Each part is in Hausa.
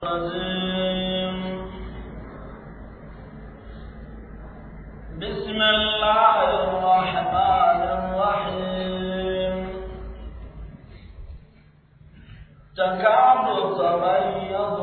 بسم الله الرحمن الرحيم تكاد من الغيظ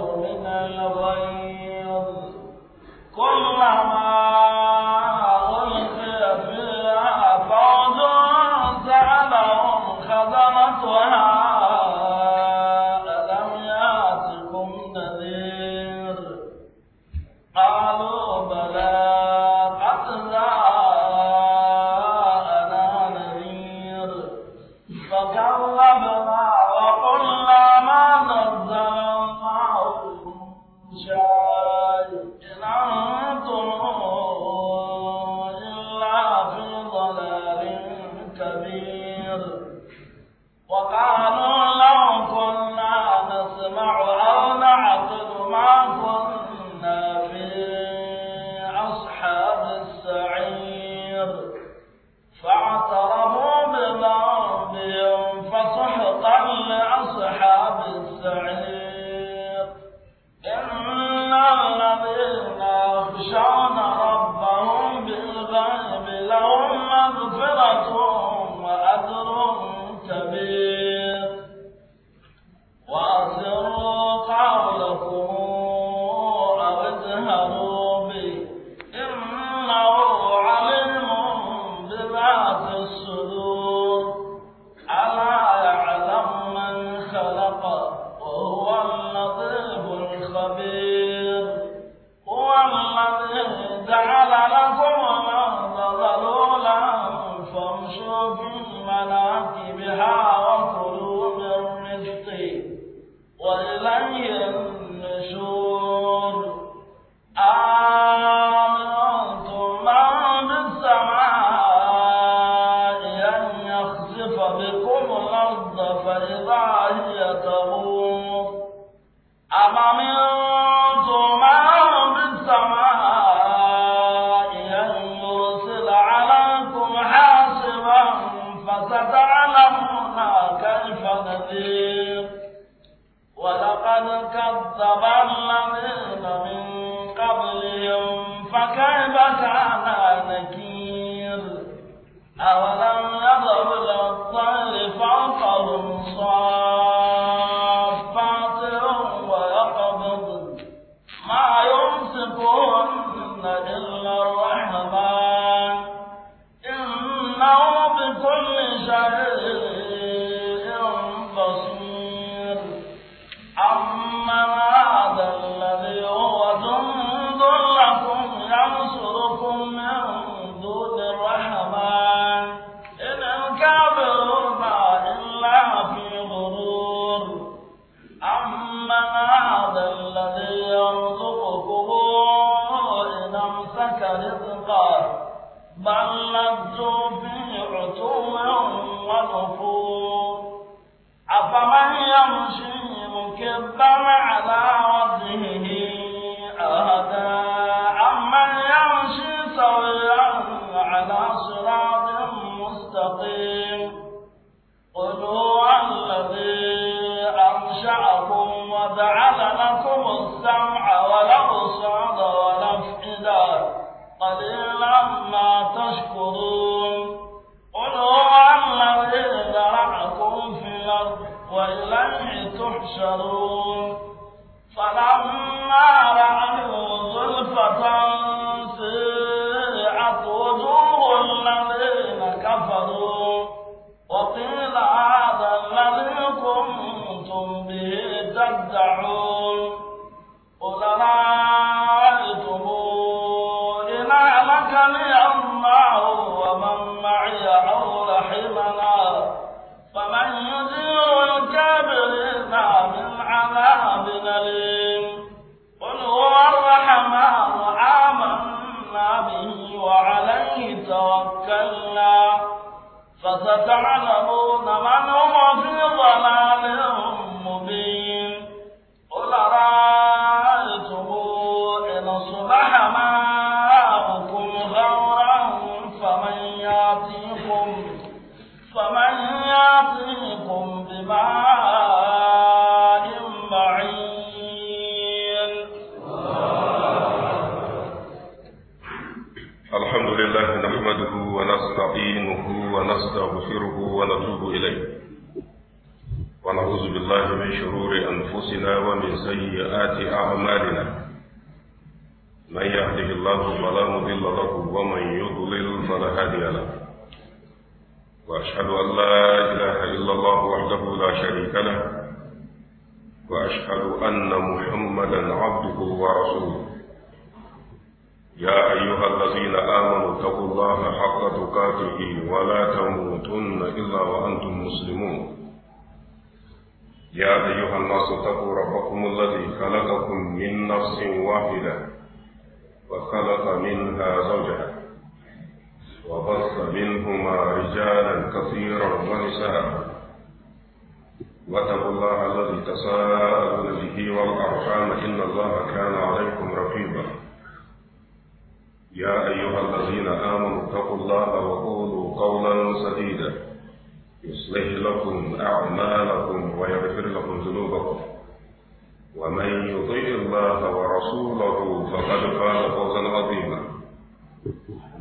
ومن يطيع الله ورسوله فقد فاز فوزا عظيما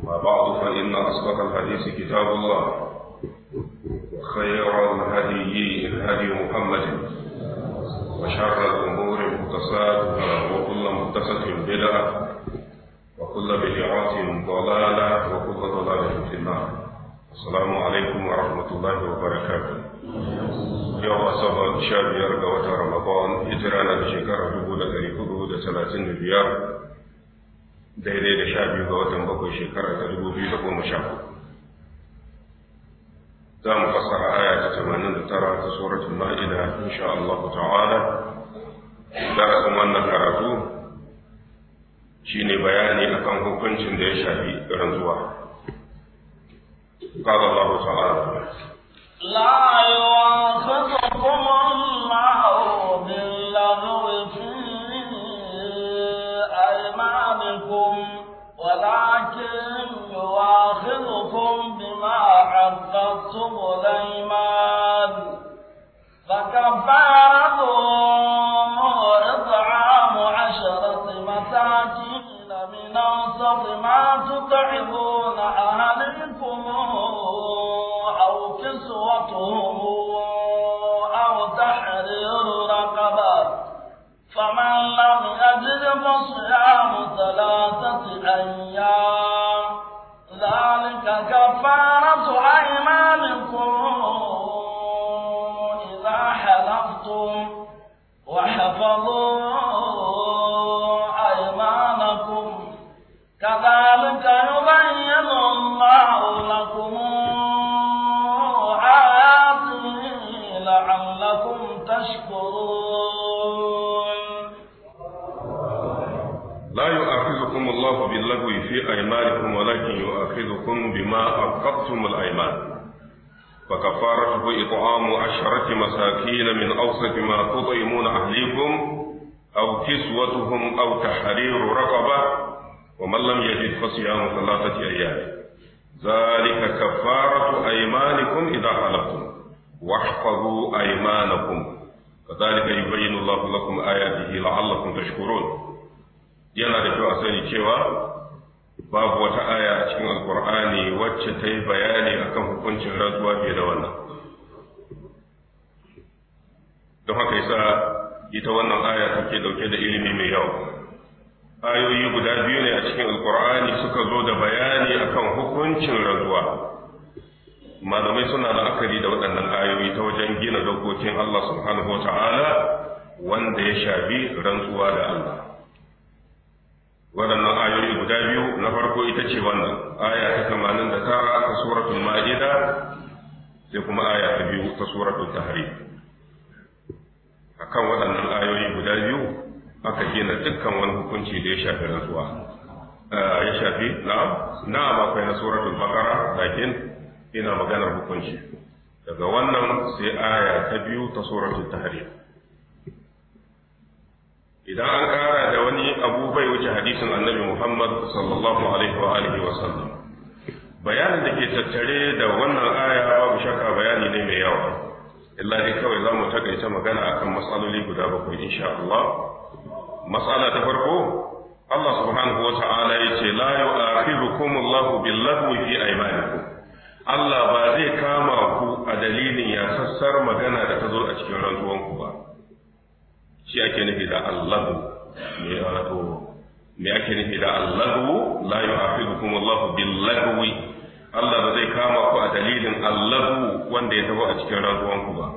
ما بعد فإن أصدق الحديث كتاب الله وخير الهدي هدي محمد وشر الأمور محدثاتها وكل محدثة بدعة وكل بدعة ضلالة وكل ضلالة في النار السلام عليكم ورحمة الله وبركاته yau asabar sha biyar ga watan ramadan hijira na da shekara dubu da ɗari hudu da talatin da biyar daidai da sha biyu ga watan bakwai shekarar ta dubu biyu da goma sha hudu za mu fassara aya ta tamanin da tara ta suratul ma'ida insha Allah ta'ala darasin wannan karatu shine bayani akan hukuncin da ya shafi rantsuwa قال الله تعالى لا يؤاخذكم الله باللغو في أيمانكم ولكن يؤاخذكم بما عقدتم الأيمان فكفارته إطعام عشرة مساكين من أوسط ما تطعمون أهلكم كسوته أو تحرير رقبة فمن لم يجد فصيام ثلاثة أيام ذلك كفارة أيمانكم إذا حلفتم وحفظوا الله باللغو في أيمانكم ولكن يؤاخذكم بما عقدتم الأيمان فكفارته إطعام عشرة مساكين من أوسط ما تطعمون أهليكم أو كسوتهم أو تحرير رقبة ومن لم يجد فصيام ثلاثة أيام ذلك كفارة أيمانكم إذا حلفتم واحفظوا أيمانكم كذلك يبين الله لكم آياته لعلكم تشكرون yana da kyau a sani cewa babu wata aya a cikin alkur'ani wacce ta yi bayani akan hukuncin rantsuwa fiye da wannan don haka yasa ita wannan aya take dauke da ilimi mai yawa ayoyi guda biyu ne a cikin alkur'ani suka zo da bayani akan hukuncin rantsuwa malamai suna la'akari da waɗannan ayoyi ta wajen gina dokokin Allah subhanahu wa ta'ala wanda ya shafi rantsuwa da Allah waɗannan ayoyi guda biyu na farko ita ce wannan aya ta tamanin da tara ta suratul ma'ida sai kuma aya ta biyu ta suratul A akan waɗannan ayoyi guda biyu aka gina dukkan wani hukunci da ya shafi rantsuwa eh, ya shafi na na akwai na suratul bakara lakin ina maganar hukunci daga wannan sai aya ta biyu ta suratul tahrim idan an ƙara abu bai wuce hadisin annabi Muhammad sallallahu alaihi wa alihi wa sallam bayanin da ke tattare da wannan aya babu shakka bayani ne mai yawa illa dai kawai za mu takaita magana akan matsaloli guda bakwai insha Allah matsala ta farko Allah subhanahu wa ta'ala yace la yu'akhidukum Allahu billahu fi aymanikum Allah ba zai kama ku a dalilin ya sassar magana da ta zo a cikin rantsuwanku ba shi ake nufi da Allahu me me ake nufi da allahu la yu'aqibukum allah bil Allah ba zai kama ku a dalilin allahu wanda ya tafi a cikin rantsuwan ku ba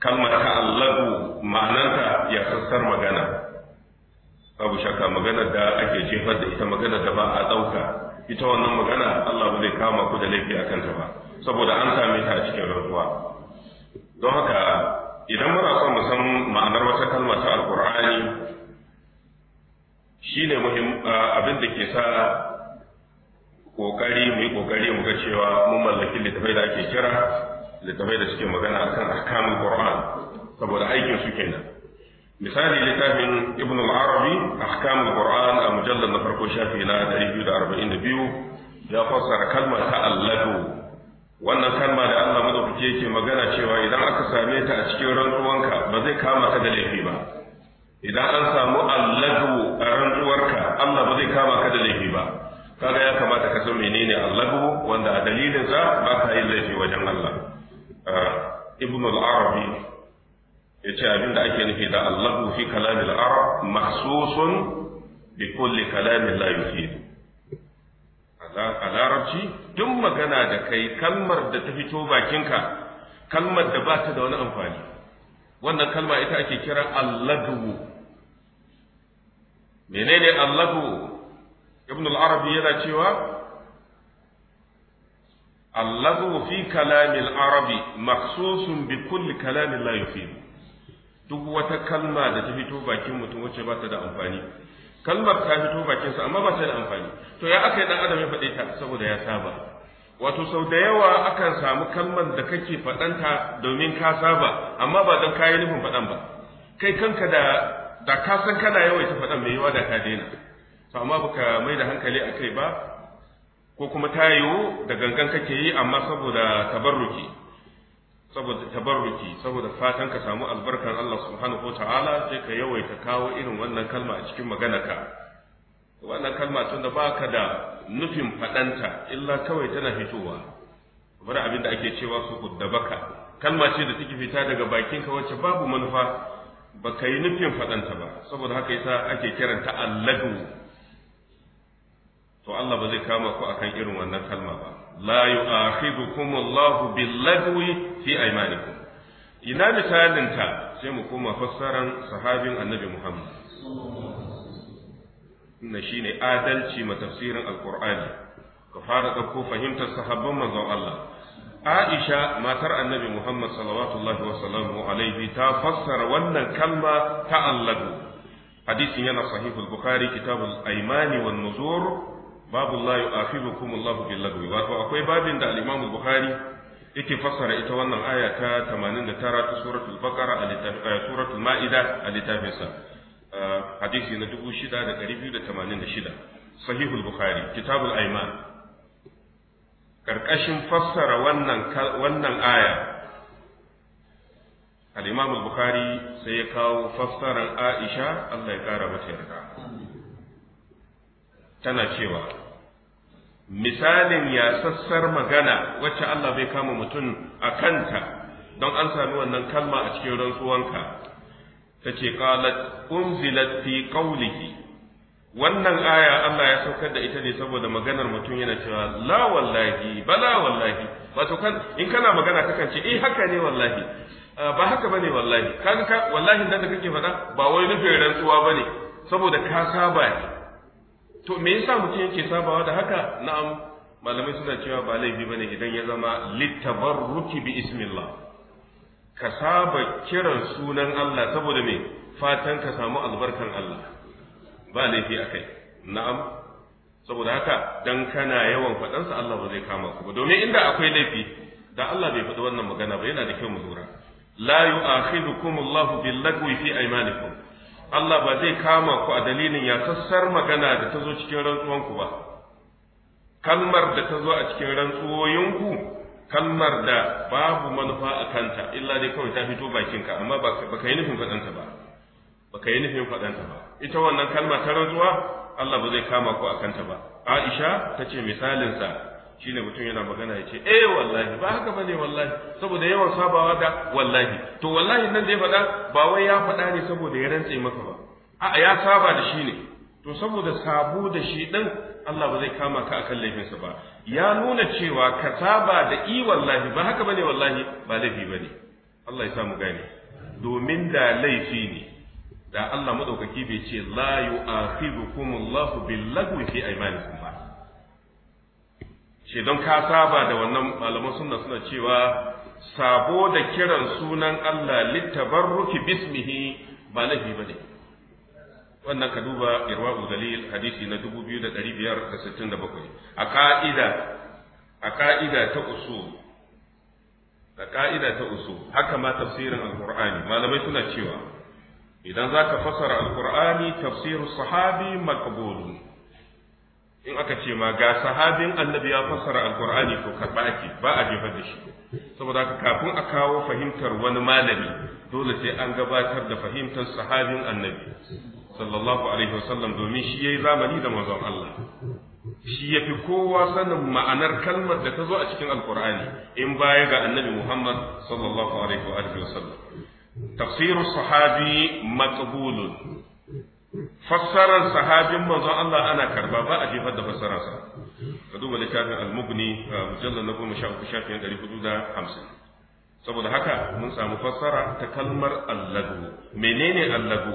kalmar ta allahu ma'ananta ya sassar magana babu shakka magana da ake jefar da ita magana da ba a ɗauka ita wannan magana Allah ba zai kama ku da laifi akan ta ba saboda an same ta a cikin rantsuwa don haka idan muna son mu san ma'anar wata kalma ta alkur'ani Shi ne abin da ke sa kokari mu yi kokari mu ga cewa mun mallaki littafai da ake kira littafai da suke magana a kan ahkamul qur'an saboda aikin su kenan misali littafin ibn al-arabi ahkamul qur'an a mujallar na farko shafi na 242 ya fassara kalmar ta'alladu wannan kalma da Allah madaukake yake magana cewa idan aka same ta a cikin rantsuwanka ba zai kama ka da laifi ba idan an samu alladu a rantsuwarka Allah ba zai kama ka da laifi ba kaga ya kamata ka san menene alladu wanda a dalilin sa ba ka yin laifi wajen Allah ah, ibn al-arabi yace abin da ake nufi da alladu fi kalam al-arab mahsusun bi kulli kalam la yufid a larabci duk magana da kai kalmar da ta fito bakinka kalmar da ba ta da wani amfani wannan kalma ita ake kira alladu menene allahu ibn al-arabi yana cewa allahu fi kalamil arabi maksusun bi kulli kalamin la yufid duk wata kalma da ta fito bakin mutum wacce ba ta da amfani kalmar ta fito bakinsa amma ba ta da amfani to ya aka yi dan adam ya faɗe ta saboda ya saba wato sau da yawa akan samu kalmar da kake faɗanta domin ka saba amma ba don kayi nufin faɗan ba kai kanka da da ka san kana yawaita faɗan mai yawa da ka daina to amma baka mai da hankali a kai ba ko kuma ta yiwu da gangan kake yi amma saboda tabarruki saboda tabarruki saboda fatan ka samu albarkar Allah subhanahu wataala sai ka yawaita kawo irin wannan kalma a cikin maganarka wannan kalma tun da baka da nufin faɗanta illa kawai tana fitowa kamar abin da ake cewa su kuddabaka kalma ce da take fita daga bakinka wacce babu manufa ba ka yi nufin faɗanta ba saboda haka yasa ake kiranta alladu to Allah ba zai kama ku akan irin wannan kalma ba la yu'akhidhukum Allahu billadwi fi aymanikum ina misalinta sai mu koma fassaran sahabin annabi Muhammad na shine adalci ma tafsirin alqur'ani ka fara ɗauko fahimtar sahabban manzon Allah Aisha matar annabi Muhammad sallallahu wa sallamu alaihi ta fassara wannan kalma ta Allahu hadisin yana sahihul bukhari kitabul aimani wan nuzur babu la yu'akhidhukum Allahu bil lagwi wato akwai babin da al-Imam Bukhari yake fassara ita wannan aya ta 89 ta suratul baqara a eh, suratul ma'ida a littafinsa eh, hadisi na 6286 sahihul bukhari kitabul aiman ƙarƙashin fassara wannan aya al-imam bukhari sai ya kawo fassarar aisha Allah ya ƙara mata yarda tana cewa misalin ya sassar magana wacce Allah bai kama mutum a kanta don an sami wannan kalma a cikin rantsuwanka ta ce qalat unzilat fi qawlihi wannan aya Allah ya saukar da ita ne saboda maganar mutum yana cewa la wallahi bala wallahi wato kan in kana magana kakan ce eh haka ne wallahi ah, ba haka bane wallahi kaga ka wallahi dan da kake faɗa ba wai nufin rantsuwa bane saboda ka saba to me yasa mutum yake sabawa da haka na'am malamai suna cewa ba laifi bane idan ya zama litabarruki bi ismillah ka saba kiran sunan Allah saboda me fatan ka samu albarkan Allah ba laifi a kai na'am saboda haka dan kana yawan faɗansa Allah ba zai kama ku ba domin inda akwai laifi da Allah bai faɗi wannan magana ba yana da kyau mu lura la yu'akhidukum Allah bil lagwi fi aymanikum Allah ba zai kama ku a dalilin ya sassar magana da ta zo cikin ku ba kalmar da ta zo a cikin ku kalmar da babu manufa a kanta illa dai kawai ta fito bakinka amma ba ka yi nufin faɗanta ba ba ka yi nufin faɗanta ba ita wannan kalma ta rantsuwa Allah ba zai kama ku akan ta ba Aisha ta ce misalin sa shine mutum yana magana ya ce eh wallahi ba haka bane wallahi saboda yawan sabawa da wallahi to wallahi nan da ya faɗa ba wai ya faɗa ne saboda ya rantse maka ba a'a ya saba da shi ne to saboda sabo da shi din Allah ba zai kama ka akan laifinsa ba ya nuna cewa ka saba da i wallahi ba haka bane wallahi ba laifi bane Allah ya sa mu gane domin da laifi ne da Allah madaukaki bai ce la yu'akhidhukumullahu a fi aymanikum ba ce don ka saba da wannan malaman sunna suna cewa sabo da kiran sunan Allah littabarruki bismihi ba laifi bane wannan ka duba irwa'u dalil hadisi na 2567 a ka'ida a ka'ida ta usul da ka'ida ta usul haka ma tafsirin alqur'ani malamai suna cewa idan zaka fasara alkur'ani tafsiru sahabi maqbul in aka ce ma ga sahabin annabi ya fasara alkur'ani to karɓa ake ba a jefar da shi saboda haka kafin a kawo fahimtar wani malami dole sai an gabatar da fahimtar sahabin annabi sallallahu alaihi wasallam domin shi yayi zamani da manzon Allah shi ya fi kowa sanin ma'anar kalmar da ta zo a cikin alkur'ani in baya ga annabi muhammad sallallahu alaihi wa sallam Tafsiru sahabi maqbulun fassarar sahabin manzon Allah ana karba ba a jefar da fassararsa ka duba littafin al-mughni mujallal na goma sha uku ɗari da hamsin saboda haka mun samu fassara ta kalmar allagu menene allagu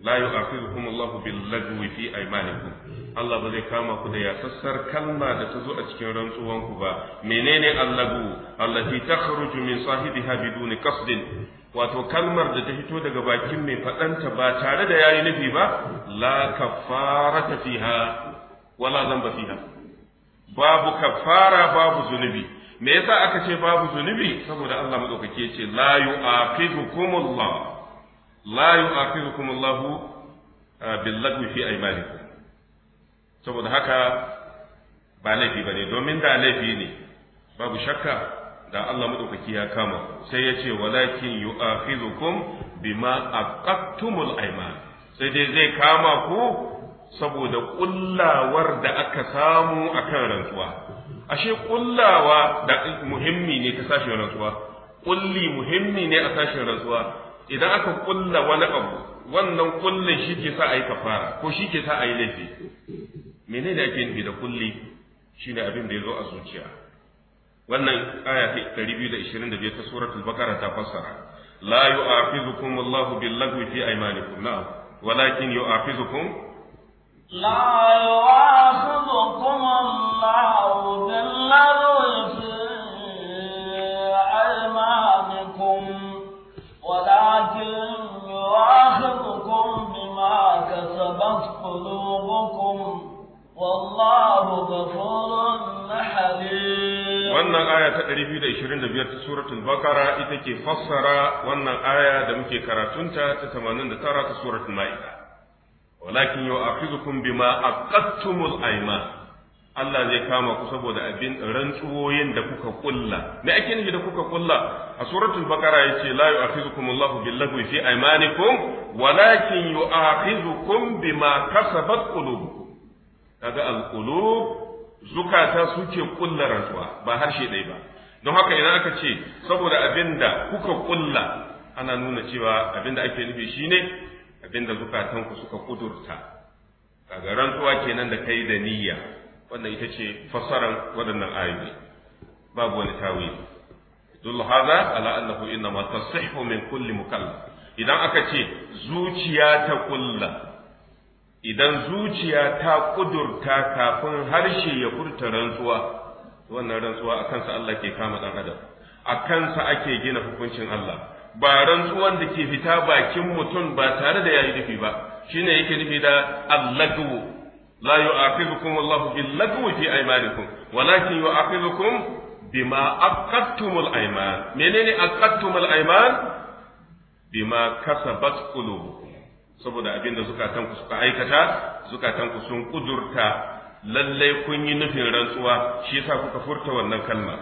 la yu'akhidhukum Allah bil lagwi fi aymanikum Allah ba zai kama ku da yasassar kalma da ta zo a cikin rantsuwanku ba menene allagu allati takhruju min sahibiha biduni qasdin wato kalmar da ta fito daga bakin mai faɗanta ba tare da yayi nufi ba la ta fiha wala zamba fiha babu kaffara babu zunubi me yasa aka ce babu zunubi saboda Allah madaukake ce la yu'aqibukumullah la yu'aqibukumullah ah, bil fi aymanikum saboda haka ba laifi bane domin da laifi ne babu shakka da Allah madaukaki ya kama sai ya ce walakin yu'akhizukum bima aqattumul aiman sai dai zai kama ku saboda kullawar da aka samu akan rantsuwa ashe kullawa da muhimmi ne ta sashen rantsuwa kulli muhimmi ne a sashen rantsuwa idan aka kulla wani abu wannan kullin shi ke sa a yi kafara ko shi ke sa a yi laifi menene ake nufi da kulli shine abin da ya zo a zuciya wannan aya ta 225 ta suratul bakara ta fassara la yu'afizukum Allahu bil lagwi fi aymanikum na'am walakin yu'afizukum la yu'afizukum Allahu bil lagwi fi aymanikum walakin yu'afizukum bima kasabat qulubukum wallahu غفور حليم wannan aya ta 225 ta suratul bakara ita ke fassara wannan aya da muke karatunta ta 89 ta suratul ma'ida walakin yu'akhidhukum bima aqattumul ayman Allah zai kama ku saboda abin rantsuwoyin da kuka kulla me ake nufi da kuka kulla a suratul bakara yace la yu'akhidhukum Allahu billahi fi aymanikum walakin yu'akhidhukum bima kasabat qulubukum kaga al-qulub zukata suke kulla rantsuwa ba harshe ɗaya ba don haka idan aka ce saboda abinda kuka kulla ana nuna cewa abin ake nufi shine abin da zukatanku suka kudurta daga rantsuwa kenan da kai da niyya wannan ita ce fassaran waɗannan ayoyi babu wani tawili dul hadha ala annahu inma tasihhu min kulli mukallaf idan aka ce zuciya ta kulla idan zuciya ta kudurta kafin harshe ya furta rantsuwa wannan rantsuwa a kansa Allah ke kama dan adam a kansa ake gina hukuncin Allah ba rantsuwan da ke fita bakin mutum ba tare da yayi dafi ba shine yake nufi da allagu la yu'aqibukum Allah bil lagwi fi aymanikum walakin yu'aqibukum bima aqadtumul ayman menene aqadtumul ayman bima kasabat qulubukum saboda abin da zukatanku suka aikata zukatanku sun kudurta lallai kun yi nufin rantsuwa shi yasa kuka furta wannan kalma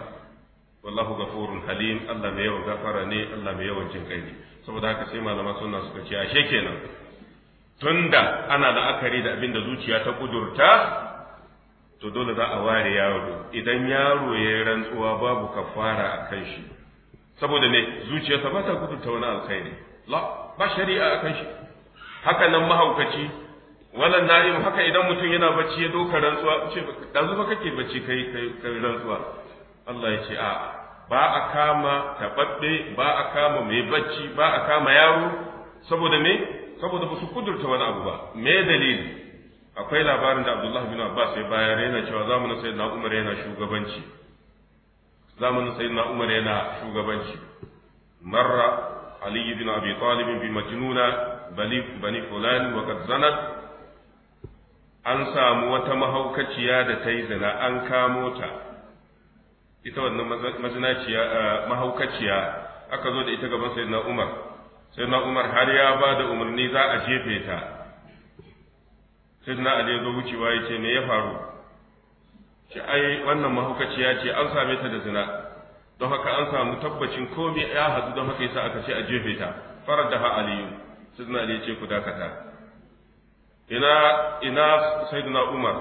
wallahu ghafurun halim Allah mai yawan gafara ne Allah mai yawan jin kai saboda haka sai malama sunna suka ce ashe kenan tunda ana la'akari da abin da zuciya ta kudurta to dole za a ware yaro idan yaro ya yi rantsuwa babu kafara a kan shi saboda ne zuciyarsa ba ta kudurta wani alkhairi la ba shari'a a kan shi haka nan mahaukaci wannan na'im haka idan mutum yana bacci ya doka rantsuwa ce da fa kake bacci kai kai rantsuwa Allah ya ce a ba a kama taɓaɓɓe ba a kama mai bacci ba a kama yaro saboda me saboda ba su kudurta wani abu ba me dalili akwai labarin da Abdullahi bin Abbas ya bayar yana cewa zamanin sayyidina Umar yana shugabanci zamanin sayyidina Umar yana shugabanci marra Ali bin Abi Talib bi majnuna bani bani fulan wa qad zanat an samu wata mahaukaciya da ta yi zina an kamo ta ita wannan mazinaciya eh, mahaukaciya aka zo da ita gaban sayyidina Umar sayyidina Umar har ya ba da umarni za a jefe ta sayyidina Ali ya zo wucewa ya ce me ya faru Shi ai wannan mahaukaciya ce an same ta da zina don haka an samu tabbacin komai ya hadu don haka yasa aka ce a jefe ta faradaha aliyu sayyidina ali ya ce ku dakata ina ina sayyidina umar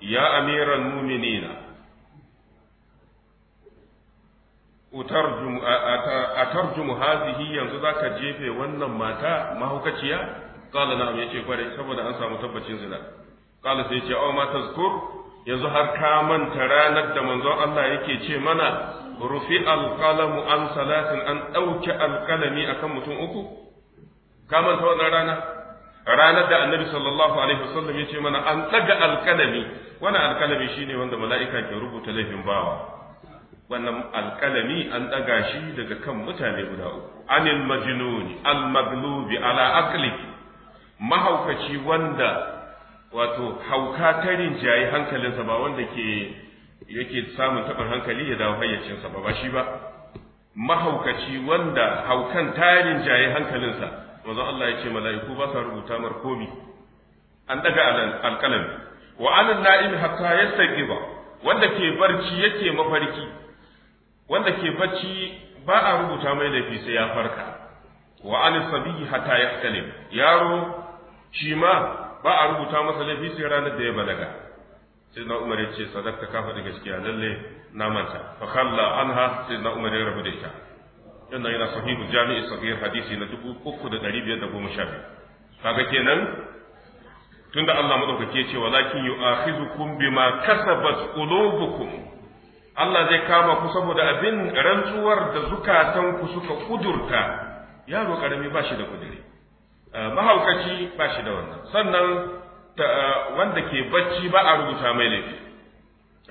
ya amiran mu'minina utarjumu atarjumu hazihi yanzu zaka jefe wannan mata mahaukaciya qala na'am yace kware saboda an samu tabbacin zina qala sai yace aw ma tazkur yanzu har ka manta ranar da manzon Allah yake ce mana rufi alqalamu an salatin an ɗauki alqalami akan mutum uku ka manta wannan rana ranar da annabi sallallahu alaihi wasallam ya ce mana an daga alkalami wannan alkalami shine wanda mala'ika ke rubuta laifin bawa wannan alkalami an daga shi daga kan mutane guda uku anil majnuni al maglubi ala aqli mahaukaci wanda wato hauka ta rinjaye hankalinsa ba wanda ke yake samun taɓin hankali ya dawo hayyacinsa ba ba shi ba mahaukaci wanda haukan ta rinjaye hankalinsa manzon Allah ya ce mala'iku ba sa rubuta mar komi an daga alƙalami wa anan na'im hatta yastaqiba wanda ke barci yake mafarki wanda ke barci ba a rubuta mai laifi sai ya farka wa anan sabiyi hatta yahtalim yaro shi ma ba a rubuta masa laifi sai ranar da ya balaga sai na umar ya ce sadaka kafa da gaskiya lalle na manta fa khalla anha sai na umar ya rabu da ita yana yana sahihu jami'i sahih hadisi na 3512 kaga kenan tunda Allah madaukake ce walakin yu'akhizukum bima kasabat qulubukum Allah zai kama ku saboda abin rantsuwar da zukatan ku suka kudurta yaro karami ba shi da kudure eh, mahaukaci ba shi da wannan sannan eh, wanda ke bacci ba a rubuta mai laifi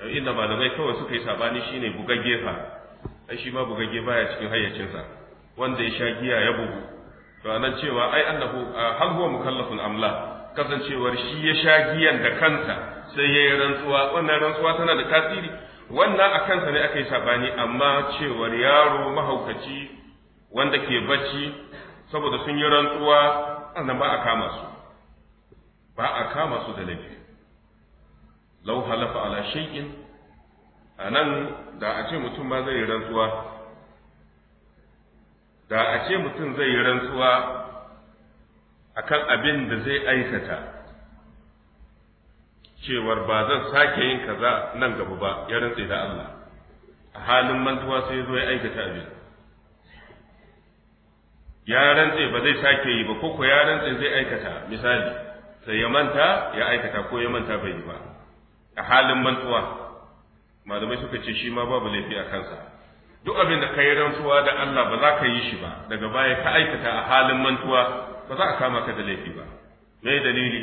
eh, inda malamai kawai suka yi sabani shine buga gefa ai shi ma bugagge baya cikin hayyacinsa wanda ya sha giya ya bugu to anan cewa ai annahu hal huwa mukallafun amla kasancewar shi ya sha giyan da kansa sai ya yi rantsuwa wannan rantsuwa tana da tasiri wannan a kansa ne aka yi sabani amma cewar yaro mahaukaci wanda ke bacci saboda sun yi rantsuwa annan ba a kama su ba a kama su da laifi lau halafa ala shay'in anan da a ce mutum ma zai yi rantsuwa da a ce mutum zai yi rantsuwa akan abin da zai aikata cewar ba zan sake yin kaza nan gaba ba ya rantse da Allah a halin mantuwa sai zo ya aikata abin ya rantse ba zai sake yi ba ko ko ya rantse zai aikata misali sai ya manta ya aikata ko ya manta bai yi ba a halin mantuwa malamai suka ce shi ma babu laifi a kansa duk abin da ka yi rantsuwa da Allah ba za ka yi shi ba daga baya ka aikata a halin mantuwa ba za a kama ka da laifi ba me dalili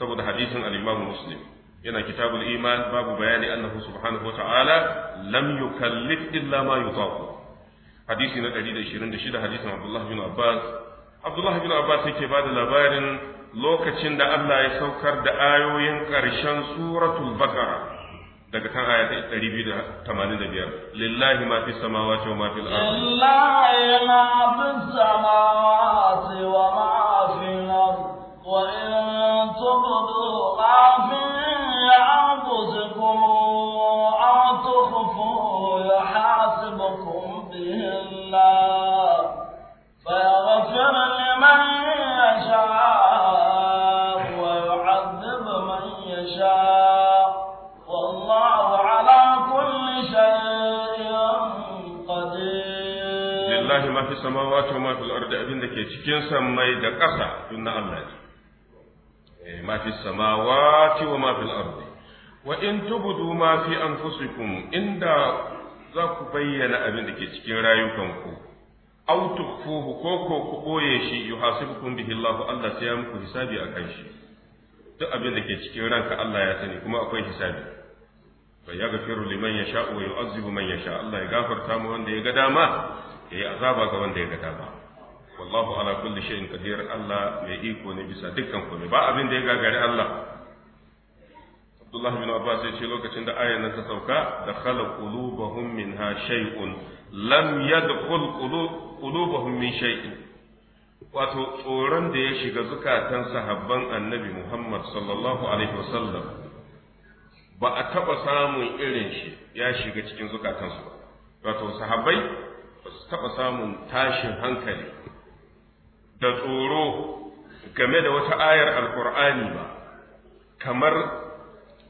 saboda hadisin al-Imam Muslim yana kitabul iman babu bayani annahu subhanahu wa ta'ala lam yukallif illa ma yutaq hadisi na 126 hadisin Abdullah bin Abbas Abdullah bin Abbas yake bada labarin lokacin da Allah ya saukar da ayoyin ƙarshen suratul Baqara daga kan aya ta 285 lillahi ma fi samawati wa ma fil ardi lillahi ma fi samawati wa ma fil ardi wa in tubdu ma fi anfusikum aw tukhfu yuhasibukum bihi samawati wa ma fil ardi abin da ke cikin samai da ƙasa duk na Allah ne eh, ma fi samawati wa ma fil ardi wa in tubudu ma fi anfusikum inda za ku bayyana abin da ke cikin rayukanku aw tukfuhu ko ko ku boye shi yuhasibukum bihi Allah Allah sai ya muku hisabi a kan shi duk abin da ke cikin ranka Allah ya sani kuma akwai hisabi fa ya liman yasha'u sha'u wa yu'azzibu man yasha'u Allah ya gafarta mu wanda ya ga dama yayi azaba ga wanda ya ga ba wallahu ala kulli shay'in qadir Allah mai iko ne bisa dukkan komai ba abin da ya gagari Allah Abdullah bin Abbas ya ce lokacin da ayan nan ta sauka da khala qulubahum minha shay'un lam yadkhul qulubuhum min shay'in wato tsoron da ya shiga zukatan sahabban annabi Muhammad sallallahu alaihi wasallam ba a taɓa samun irin shi ya shiga cikin zukatansu ba wato sahabbai taɓa samun tashin hankali da tsoro game da wata ayar alkur'ani ba kamar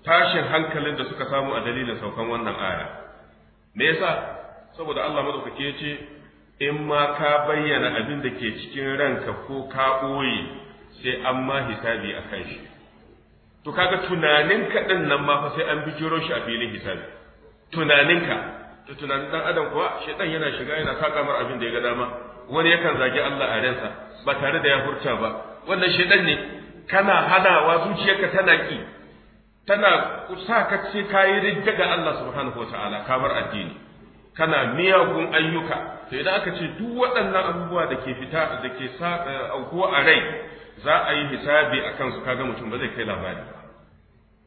tashin hankalin da suka samu a dalilin saukan wannan aya me yasa saboda Allah madaukake ce in ma ka bayyana abin da ke cikin ranka ko ka ɓoye sai an ma hisabi a kan shi to kaga tunanin ɗin nan ma fa sai an bijiro shi a filin hisabi tunaninka ta tunanin dan adam kuwa shedan yana shiga yana saka mar abin da ya ga dama wani yakan zagi Allah a ransa ba tare da ya furta ba wannan shedan ne kana hadawa zuciyarka tana ki tana kusa ka ce kayi rijja ga Allah subhanahu wataala kamar addini kana miyagun ayyuka to idan aka ce duk waɗannan abubuwa da ke fita da ke sa eh, aukuwa a rai za a yi hisabi a kansu kaga mutum ba zai kai labari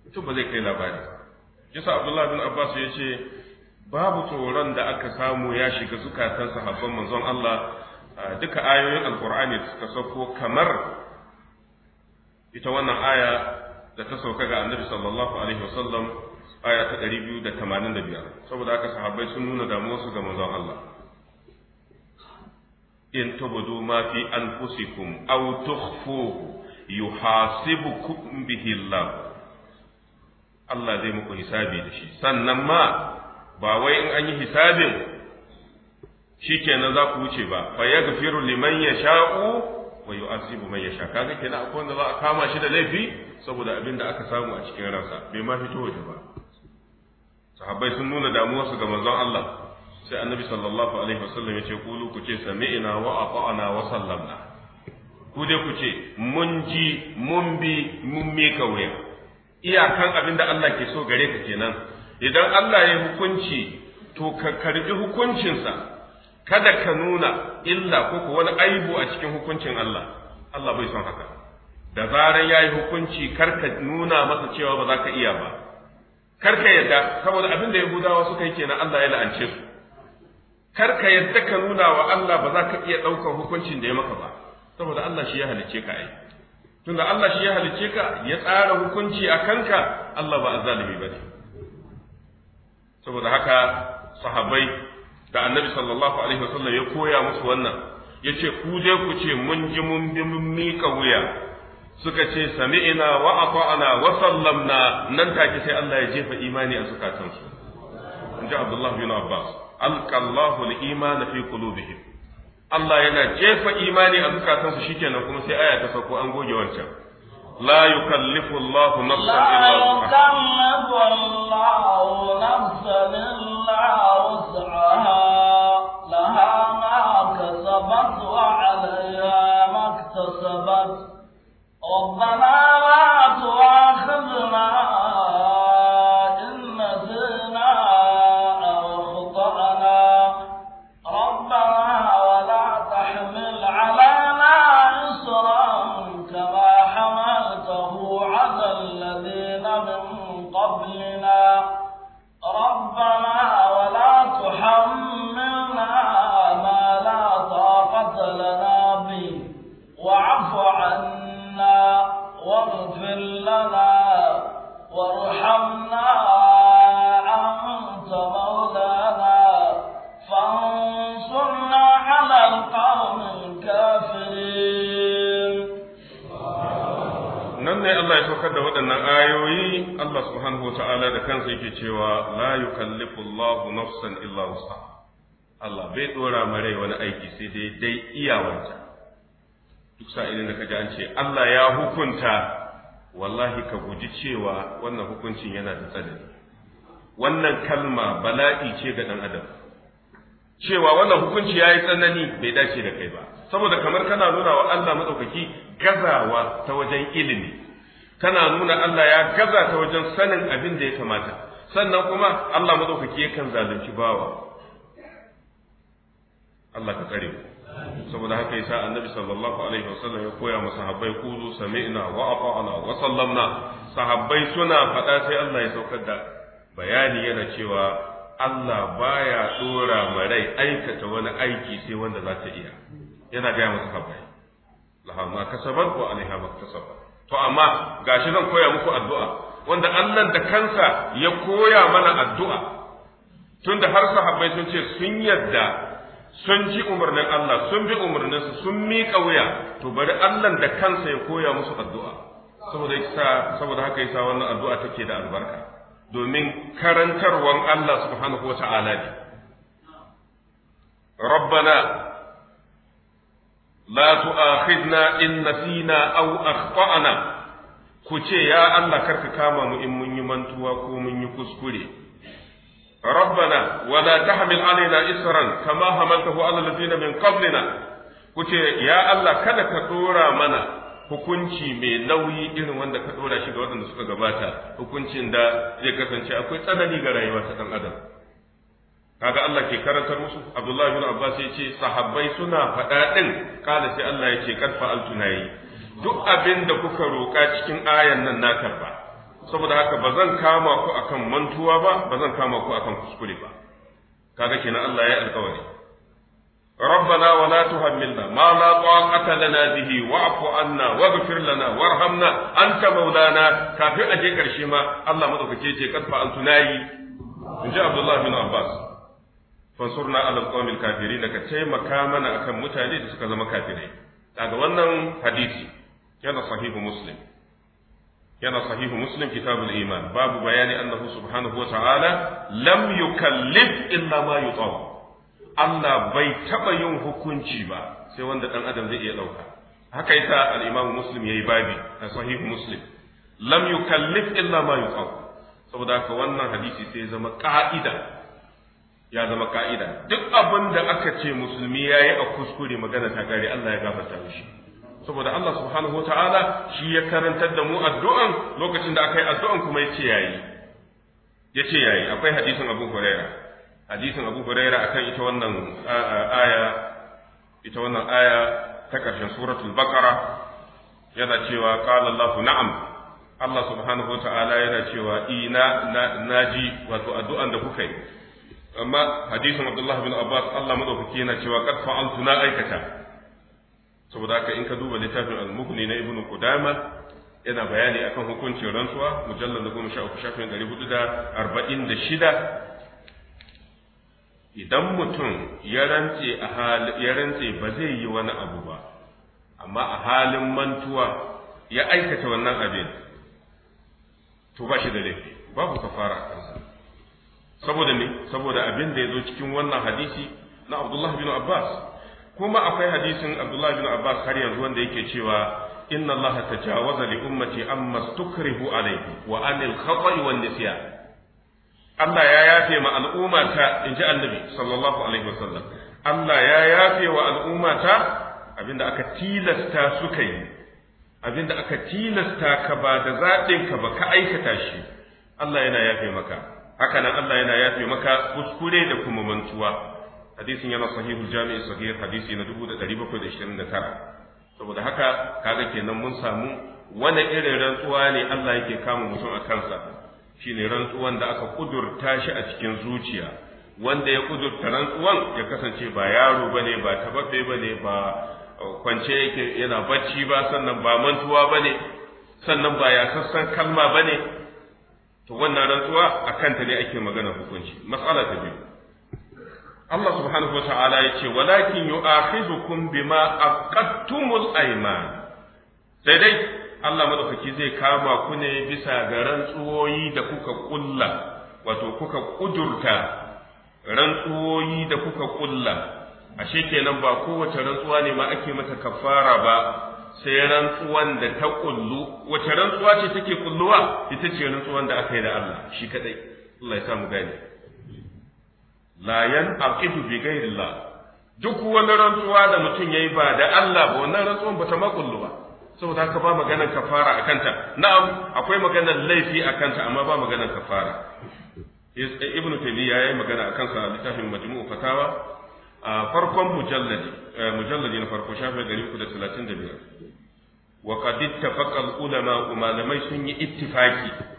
mutum ba zai kai labari yasa Abdullah bin Abbas ya ce babu tsoron da aka samu ya shiga zukatan sahabban manzon Allah duka ayoyin alkur'ani suka sauko kamar ita wannan aya da ta sauka ga annabi sallallahu alaihi wasallam aya ta 285 saboda haka sahabbai sun nuna damuwarsu ga manzon Allah in tubudu ma fi anfusikum aw tukhfuhu yuhasibukum bihi Allah Allah zai muku hisabi da shi sannan ma ba wai in an yi hisabin shikenan za ku wuce ba fa ya gafiru liman ya sha'u wa yu'azibu man yasha kaga kenan akwai wanda za a kama shi da laifi saboda abin da aka samu a cikin ransa bai ma fito waje ba sahabbai sun nuna damuwarsu ga manzon Allah sai annabi sallallahu alaihi wasallam ya ce kulu ku ce sami'na wa ata'na wa sallamna ku dai ku ce mun ji mun bi mun mika wuya iyakan abin da Allah ke so gare ka kenan idan Allah ya hukunci to ka karbi hukuncinsa kada ka nuna illa ko ko wani aibu a cikin hukuncin Allah Allah bai son haka da zaran yayi hukunci kar ka nuna masa cewa ba za ka iya ba kar ka yadda saboda abin da Yahudawa suka yi kenan Allah ya la'ance su kar ka yadda ka nuna wa Allah ba za ka iya ɗaukar hukuncin da ya maka ba saboda Allah shi ya halicce ka ai tunda Allah shi ya halicce ka ya tsara hukunci a kanka Allah ba azzalimi bane saboda haka sahabbai da annabi sallallahu alaihi wasallam ya koya musu wannan ya ce ku je ku ce mun ji mun bi mun miƙa wuya suka ce sami'ina wa ata'ana wa sallamna nan take sai Allah ya jefa imani a zukatansu in ji Abdullah bin Abbas alqallahu al-iman fi qulubihim Allah yana jefa imani a zukatansu shikenan kuma sai aya ta sako an goge wancan لا يكلف الله نفسا إلا وسعها لا يكلف الله نفسا إلا وسعها لها ما كسبت وعليها ما اكتسبت ربنا لا تؤاخذنا وارحمنا أنت مولانا فانصرنا على القوم الكافرين nan ne Allah ya saukar da waɗannan ayoyi Allah subhanahu wa ta'ala da kansa yake cewa la yukallifu Allahu nafsan illa wusa Allah bai dora mare wani aiki sai dai dai iyawanta duk sa'ilin da kaji an ce Allah ya hukunta wallahi ka guji cewa wannan hukuncin yana da tsanani wannan kalma bala'i ce ga ɗan adam cewa wannan hukunci ya yi tsanani bai dace da kai ba saboda kamar kana nuna wa Allah maɗaukaki gazawa ta wajen ilimi kana nuna Allah ya gaza ta wajen sanin abin da ya kamata sannan kuma Allah maɗaukaki yakan zalunci bawa Allah ka tsare mu saboda haka yasa annabi sallallahu alaihi wasallam ya koya masa sahabbai zo sami'na wa ata'na wa sallamna sahabbai suna faɗa sai Allah ya saukar da bayani yana cewa Allah baya dora marai rai aikata wani aiki sai wanda za ta iya yana gaya masa sahabbai lahamma ma kasabat wa alaiha ma to amma gashi zan koya muku addu'a wanda Allah da kansa ya koya mana addu'a tunda har sahabbai sun ce sun yadda sun ji umarnin Allah sun bi umarninsa sun miƙa wuya to bari Allah da kansa ya koya musu addu'a saboda yasa saboda haka yasa wannan addu'a take da albarka domin karantarwan Allah subhanahu wata'ala ne rabbana la tu'akhidna in nasina aw akhtana ku ce ya Allah karka kama mu in mun yi mantuwa ko mun yi kuskure ربنا ولا تحمل علينا إسرا كما حملته على الذين من قبلنا kuce ya Allah kada ka dora mana hukunci mai nauyi irin wanda ka dora shi ga waɗanda suka gabata hukuncin da zai kasance akwai tsanani ga rayuwa ta ɗan adam kaga Allah ke karantar musu Abdullahi bin Abbas ya ce sahabbai suna faɗa ɗin kala sai Allah ya ce kad fa'altu nayi duk abin da kuka roka cikin ayan nan na karba saboda haka ba zan kama ku akan mantuwa ba ba zan kama ku akan kuskure ba kaga kenan Allah ya alƙawari ربنا ولا تحملنا ما لا طاقة لنا به واعف عنا واغفر لنا وارحمنا أنت مولانا كافي أجيك الشيما الله مدفك يجيك أدفع أن تناي إن جاء عبد الله بن عباس فانصرنا على القوم الكافرين كتي مكامنا أكم متالي تسكز مكافرين هذا ونن حديثي كان صحيح مسلم yana sahihu muslim kitabul iman babu bayani annahu subhanahu wa ta'ala lam yukallif illa ma yutaw Allah bai taba yin hukunci ba sai wanda dan adam zai iya dauka haka yasa al-imamu muslim yayi babi a sahihu muslim lam yukallif illa ma yutaw saboda ka wannan hadisi sai zama ka'ida ya zama ka'ida duk abin da aka ce musulmi yayi a kuskure magana ta gare Allah ya gafarta mishi saboda Allah subhanahu wataala shi ya karantar da mu addu'an lokacin da aka yi addu'an kuma ya ce yayi ya ce yayi akwai hadisin Abu Huraira hadisin Abu Huraira akan ita wannan aya ita wannan aya ta ƙarshen suratul baqara yana cewa qala Allahu na'am Allah subhanahu wataala yana cewa ina ji, wato addu'an da kuka yi amma hadisin Abdullah bin Abbas Allah madaukaki yana cewa qad fa'altu na aikata saboda haka in ka duba littafin al-mughni na ibnu qudama yana bayani akan hukuncin rantsuwa mujallal da goma sha uku shafin ɗari da arba'in da shida idan mutum ya rantse a hal ya rantse ba zai yi wani abu ba amma a halin mantuwa ya aikata wannan abin to ba shi da laifi babu kafara a kansa saboda ne saboda abin da ya zo cikin wannan hadisi na Abdullah bin Abbas kuma akwai hadisin Abdullah bin Abbas har yanzu wanda yake cewa inna Allah tajawaza li ummati amma stukrihu alayhi wa anil khata'i wan nisyan Allah ya yafe ma al'ummata inji Annabi sallallahu alaihi wasallam Allah ya yafe wa al'ummata abinda aka tilasta suka yi abinda aka tilasta ka ba da zaɓin ka ba ka aikata shi Allah yana yafe maka haka nan Allah yana yafe maka kuskure da kuma mantuwa hadisin yana sahihu jami'i sahih hadisi na 1729 saboda haka kaga kenan mun samu wani irin rantsuwa ne Allah yake kama mutum a kansa shine rantsuwan da aka kudurta shi a cikin zuciya wanda ya kudurta rantsuwan ya kasance ba yaro bane ba tababbe bane ba uh, kwance yake yana bacci ba sannan ba mantuwa bane sannan ba ya sassan kalma bane to wannan rantsuwa akan ta ne ake magana hukunci matsala ta biyu Allah subhanahu wata'ala ya ce walakin yu'akhidukum bima aqattumul ayman sai dai Allah madaukaki zai kama ku ne bisa ga rantsuwoyi da kuka ƙulla wato kuka kudurta rantsuwoyi da kuka ƙulla. ashe kenan ba kowace rantsuwa ne ma ake mata kafara ba sai rantsuwan da ta kullu wace rantsuwa ce take kulluwa ita ce rantsuwan da aka yi da Allah shi kadai Allah ya samu gani la aqidu bi ghairillah duk wani rantsuwa da mutum yayi ba da Allah ba wannan rantsuwan bata makullu ba saboda haka ba maganar kafara akan ta na'am akwai maganar laifi akan ta amma ba maganar kafara eh, ibn taymiya yayi magana akan sa littafin majmu'u fatawa a farkon mujalladi eh, mujalladi na farko shafi 335 wa qad ittafaqa al ulama malamai sun yi ittifaqi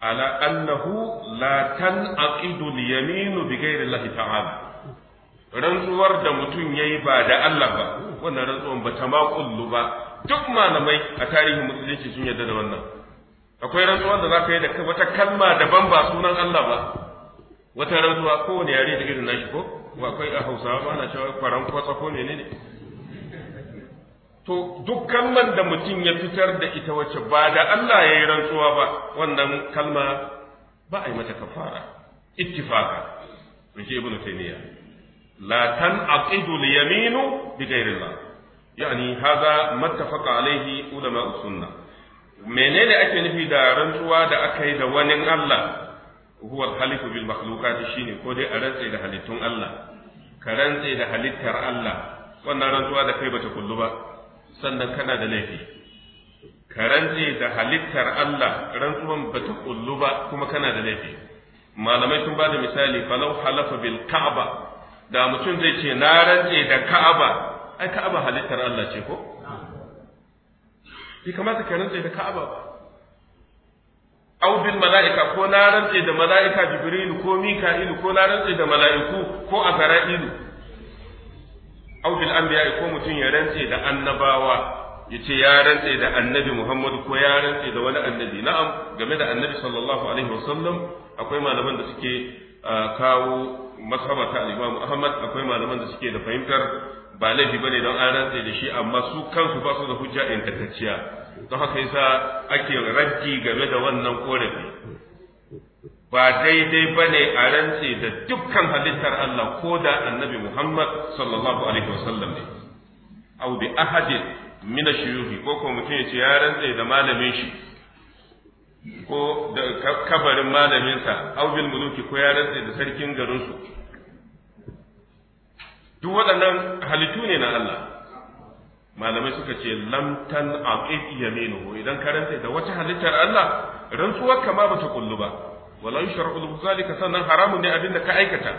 ala annahu la tanqidu al-yamin bi ghayri Allah ta'ala rantsuwar da mutum yayi ba da Allah ba wannan rantsuwar ba ta maƙullu ba duk malamai a tarihin musulunci sun yarda da wannan akwai rantsuwar da zaka yi da wata kalma daban ba sunan Allah ba wata rantsuwa kowane yare da irin nashi ko akwai a Hausawa ba na cewa kwaran kwatsa ko menene to duk kalman da mutum ya fitar da ita wacce ba da Allah ya yi rantsuwa ba wannan kalma ba a yi mata kafara ittifaka in ibnu taymiya la tanqidu al-yaminu bi ghayri yani haza mattafaqa alaihi ulama sunna menene ake nufi da rantsuwa da aka yi da wani Allah huwa al-halifu bil makhluqat shine ko dai a rantse da halittun Allah ka rantsa da halittar Allah wannan rantsuwa da kai bata kullu ba sannan kana da laifi ka rantse da halittar Allah rantsuwan ba ta kullu ba kuma kana da laifi malamai sun ba da misali falau halafa bil ka'aba da mutum zai ce na rantse da ka'aba ai ka'aba halittar Allah ce ko bai kamata ka rantse da ka'aba ba au bil mala'ika ko na rantse da mala'ika jibrilu ko mika'ilu ko na rantse da mala'iku ko azra'ilu aw bil anbiya ko mutum ya rantse da annabawa yace ya rantse da annabi Muhammad ko ya rantse da wani annabi na'am game da annabi sallallahu alaihi wasallam akwai malaman da suke kawo masaba ta al Ahmad akwai malaman da suke da fahimtar ba laifi bane don an rantse da shi amma su kansu ba su da hujja ingantacciya don haka yasa ake raddi game da wannan korafi ba daidai ba ne a rantse da dukkan halittar Allah ko da annabi Muhammad sallallahu alaihi wasallam ne au bi ahadin min shuyuhi ko ko mutum ya ce ya rantse da malamin shi ko da kabarin malaminsa au bil muluki ko ya rantse da sarkin garinsu duk waɗannan halittu ne na Allah malamai suka ce lamtan aqid yaminu idan ka rantse da wata halittar Allah rantsuwar ka ma ta kullu ba wala yushra'u lahu zalika sannan haramun ne abin da ka aikata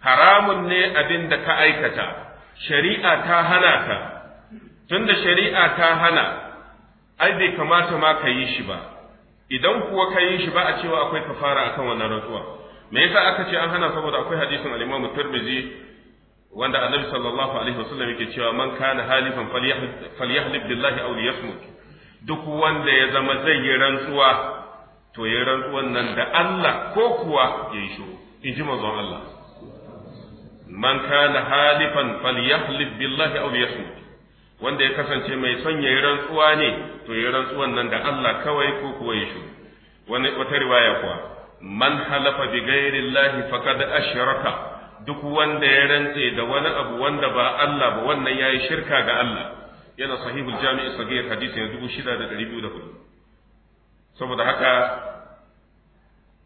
haramun ne abin da ka aikata shari'a ta hana ka tunda shari'a ta hana ai bai kamata ma ka yi shi ba idan kuwa ka yi shi ba a cewa akwai kafara akan wannan rantsuwa me yasa aka ce an hana saboda akwai hadisin al-Imam Tirmidhi wanda Annabi sallallahu alaihi wasallam yake cewa man kana halifan falyahlib billahi aw liyasmut duk wanda ya zama zai yi rantsuwa to ya rantsuwan nan da Allah ko kuwa ya yi in ji manzon Allah man kana halifan falyahlif billahi aw yasmut wanda ya kasance mai son ya yi rantsuwa ne to ya rantsuwan nan da Allah kawai ko kuwa ya shiru wani wata riwaya kuwa man halafa bi ghairillahi faqad ashraka duk wanda ya rantse da wani abu wanda ba Allah ba wannan yayi shirka ga Allah yana sahihul jami'i sagir hadisi na 6204 saboda haka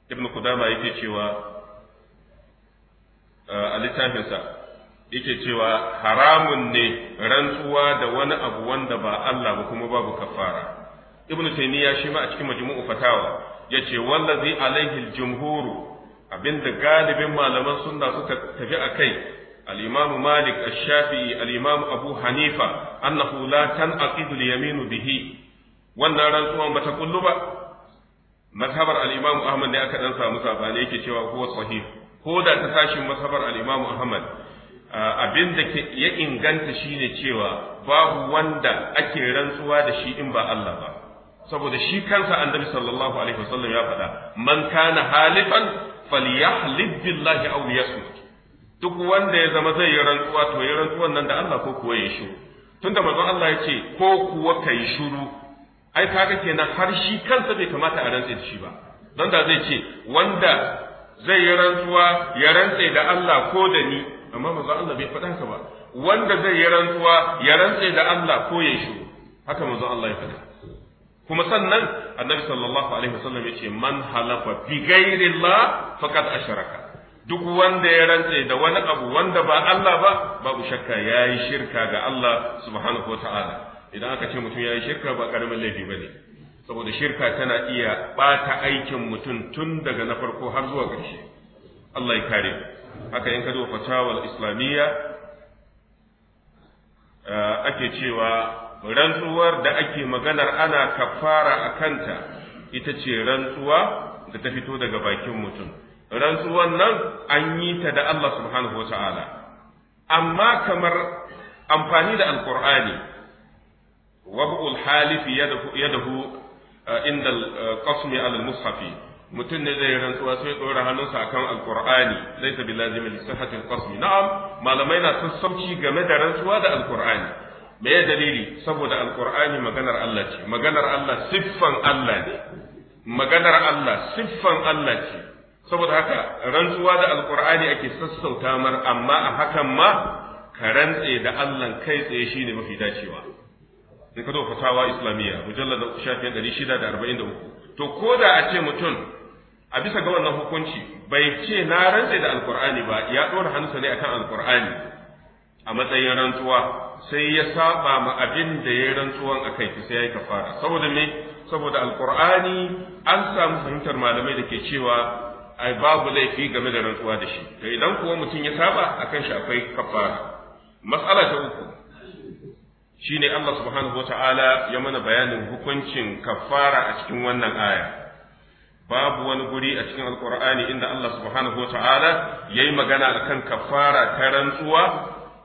ibn kudama yake cewa a littafinsa yake cewa haramun ne rantsuwa da wani abu wanda ba Allah ba kuma babu kafara ibn taymiya shi ma a cikin majmu'u fatawa yace wallazi alaihi al abinda galibin malaman sunna suka tafi akai الإمام مالك الشافعي الإمام أبو حنيفة أنه لا تنعقد اليمين به wannan rantsuwan ba ta kullu ba mazhabar al-Imam Ahmad ne aka dan samu sabani yake cewa huwa sahih ko da ta tashin mazhabar al-Imam Ahmad abin da ya inganta shine cewa babu wanda ake rantsuwa da shi in ba Allah ba saboda shi kansa annabi sallallahu alaihi wasallam ya faɗa man kana halifan falyahlib billahi aw yasmut duk wanda ya zama zai yi rantsuwa to ya rantsuwan nan da Allah ko kuwa ya shiru tunda manzon Allah ya ce ko kuwa kai shiru ai kaga kenan har shi kansa bai kamata a rantse da shi ba don da zai ce wanda zai yi rantsuwa ya rantse da Allah ko da ni amma manzo Allah bai faɗa haka ba wanda zai yi rantsuwa ya rantse da Allah ko ya shi haka manzo Allah ya faɗa kuma sannan annabi sallallahu alaihi wasallam ya ce man halafa bi ghairillah faqad asharaka duk wanda ya rantse da wani abu wanda ba Allah ba babu shakka yayi shirka ga Allah subhanahu wataala idan aka ce mutum ya yi shirka ba ƙaramin laifi ba ne saboda shirka tana iya ɓata aikin mutum tun daga na farko har zuwa ƙarshe Allah ya kare haka in ka zo fatawar islamiyya eh, ake cewa rantsuwar da ake maganar ana kafara a kanta ita ce rantsuwa da ta fito daga bakin mutum rantsuwan nan an yi ta da Allah subhanahu wa ta'ala amma kamar amfani da alkur'ani wab'ul halifi yadahu inda al-qasmi ala al mutum ne zai rantsuwa sai dora hannunsa akan alqur'ani laysa bilazim li sihhati al-qasmi na'am malamai na sassauci game da rantsuwa da alqur'ani me dalili saboda alqur'ani maganar Allah ce maganar Allah siffan Allah ne maganar Allah siffan Allah ce saboda haka rantsuwa da alqur'ani ake sassauta mar amma a hakan ma ka rantse da Allah kai tsaye shine mafi dacewa sai ka fatawa islamiyya arba'in da 643 to ko da a ce mutum a bisa ga wannan hukunci bai ce na rantse da alkur'ani ba ya ɗora hannunsa ne akan alkur'ani a matsayin rantsuwa sai ya saba ma abin da ya rantsuwan a kai sai ya yi kafara saboda me saboda alkur'ani an samu fahimtar malamai da ke cewa ai babu laifi game da rantsuwa da shi to idan kuwa mutum ya saba akan shi akwai kafara Matsala ta uku Shi ne Allah subhanahu ta’ala ya mana bayanin hukuncin kafara a cikin wannan aya babu wani guri a cikin alkur'ani inda Allah subhanahu ya yi magana kan kafara ta rantsuwa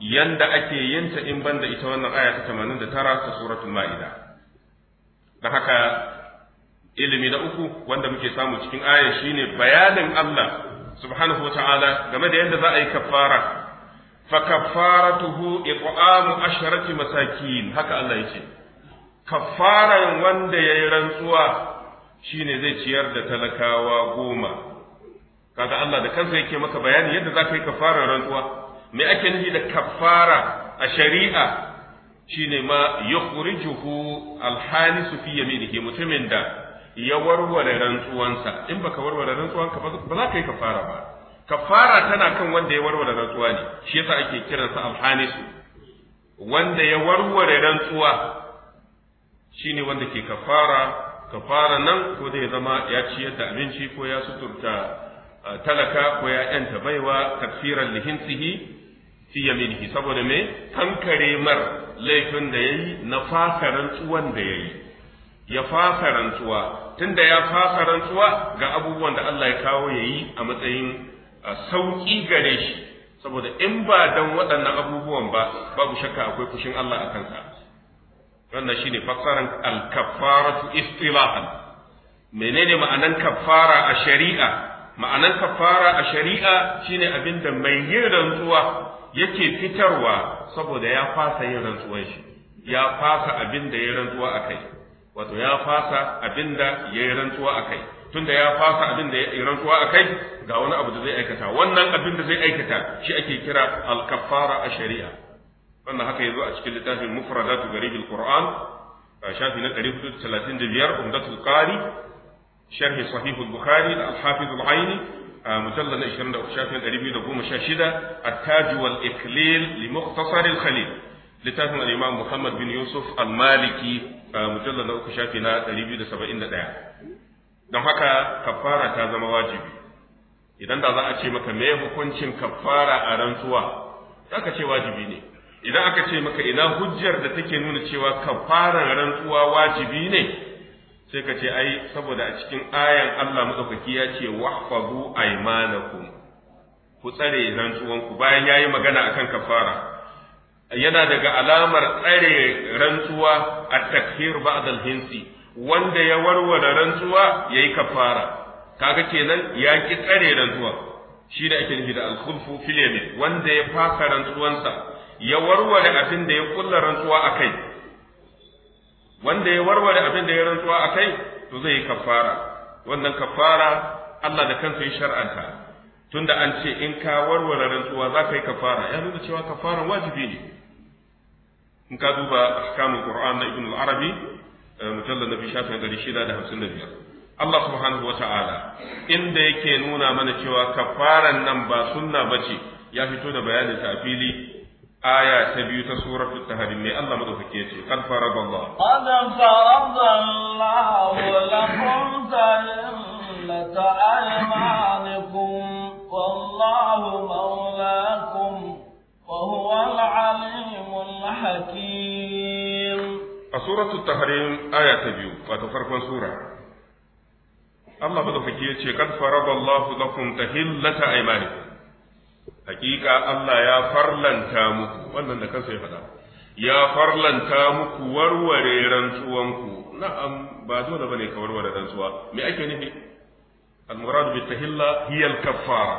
yanda ake yinta in banda ita wannan aya ta 89 ta suratul maida Da haka ilimi na uku wanda muke samu cikin aya shine bayanin Allah subhanahu ta’ala game da yadda za a yi kafara fa kaffaratuhu iqamu asharati masakin haka Allah yake kaffaran wanda yayi rantsuwa shine zai ciyar da talakawa goma kaga Allah da kansa yake maka bayani yadda za ka yi kafarar rantsuwa me ake nufi da kafara a shari'a shine ma yukhrijuhu alhalisu fi yaminihi mutumin da ya warware rantsuwansa in baka warware rantsuwanka ba za ka yi kafara ba kafara tana kan wanda ya warware rantsuwa ne shi yasa ake kiransa alhanisu wanda ya warware rantsuwa shine wanda ke kafara kafara nan ko zai zama ya ci yadda abinci ko ya suturta talaka ko ya yanta baiwa tafsiran lihinsihi fi yaminihi saboda me kankare mar laifin da yayi na fasa rantsuwan da yayi ya fasa rantsuwa tunda ya fasa rantsuwa ga abubuwan da Allah ya kawo yayi a matsayin A sauƙi gare shi saboda in ba dan waɗannan abubuwan ba babu shakka akwai fushin Allah a kansa wannan shine faksaran al-kaffaratu istilahan menene ma'anan kaffara a shari'a ma'anan kaffara a shari'a shine abinda mai yin rantsuwa yake fitarwa saboda ya fasa yin rantsuwan shi ya fasa abinda ya rantsuwa akai wato ya fasa abinda ya rantsuwa akai tunda ya fasa abin da ya rantsuwa a kai ga wani abu da zai aikata wannan abin da zai aikata shi ake kira al a shari'a wannan haka yazo a cikin littafin mufradatu garibil qur'an shafi na 435 umdatul qari sharh sahih al-bukhari da al-hafiz aini mujallad na 20 shafin 216 at-taj wal iklil li mukhtasar al-khalil littafin al-imam muhammad bin yusuf al-maliki mujallad na 3 shafi na 271 don haka kafara ta zama wajibi idan da za a ce maka me hukuncin kafara a rantsuwa zaka ce wajibi ne idan aka ce maka ina hujjar da take nuna cewa kafaran rantsuwa wajibi ne sai ka ce ai saboda a cikin ayan Allah madaukaki ya ce wahfazu aymanakum ku tsare rantsuwanku bayan yayi magana akan kafara yana daga alamar tsare rantsuwa a takhir ba'd al-hinsi wanda ya warware rantsuwa ya yi kafara kaga kenan ya ki tsare rantsuwa shi da ake nufi da alkhulfu fil yamin wanda ya fasa rantsuwansa ya warware abin da ya kulla rantsuwa akai wanda ya warware abin da ya rantsuwa akai to zai yi kafara wannan kafara Allah da kansa ya shar'anta tunda an ce in ka warware rantsuwa za ka yi kafara ya nuna cewa kafaran wajibi ne in ka duba ahkamul qur'an na ibn al-arabi Eh, mujallar na shafin gari shida da hamsin da biyar Allah subhanahu wa ta'ala inda yake nuna mana cewa kafaran nan ba sunna ba ce ya fito da bayanin ta a fili آية تبيو تسورة التهريم الله مدو فكيتي قد فرض الله قد فرض الله لكم سلمة أيمانكم والله مولاكم وهو العليم الحكيم a suratul tahrim aya ta biyu wato farkon sura Allah madaukaki ya ce kad faradallahu lakum tahillata aymanikum hakika Allah ya farlanta muku wannan da kansa ya faɗa ya farlanta muku warware rantsuwanku na'am ba dole bane ka warware rantsuwa me ake nufi al-murad bi tahilla hiya al-kaffara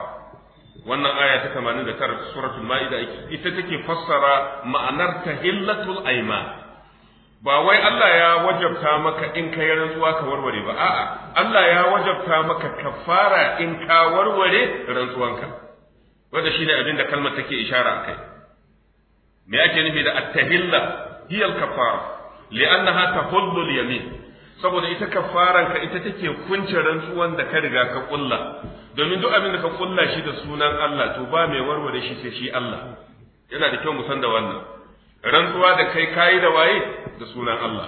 wannan aya ta 89 suratul maida ita take fassara ma'anar tahillatul ayman ba wai Allah ya wajabta maka in yi rantsuwa ka warware ba a'a Allah ya wajabta maka kafara in ka warware rantsuwanka wanda ne abin da kalmar take ishara kai me ake nufi da at-tahilla hiya al-kafara li'annaha tahullu yamin saboda ita kafaran ka ita take kunce rantsuwan da ka riga ka kulla domin duk abin da ka kulla shi da sunan Allah to ba mai warware shi sai shi Allah yana da kyau mu san da wannan rantsuwa da kai kayi da waye da sunan Allah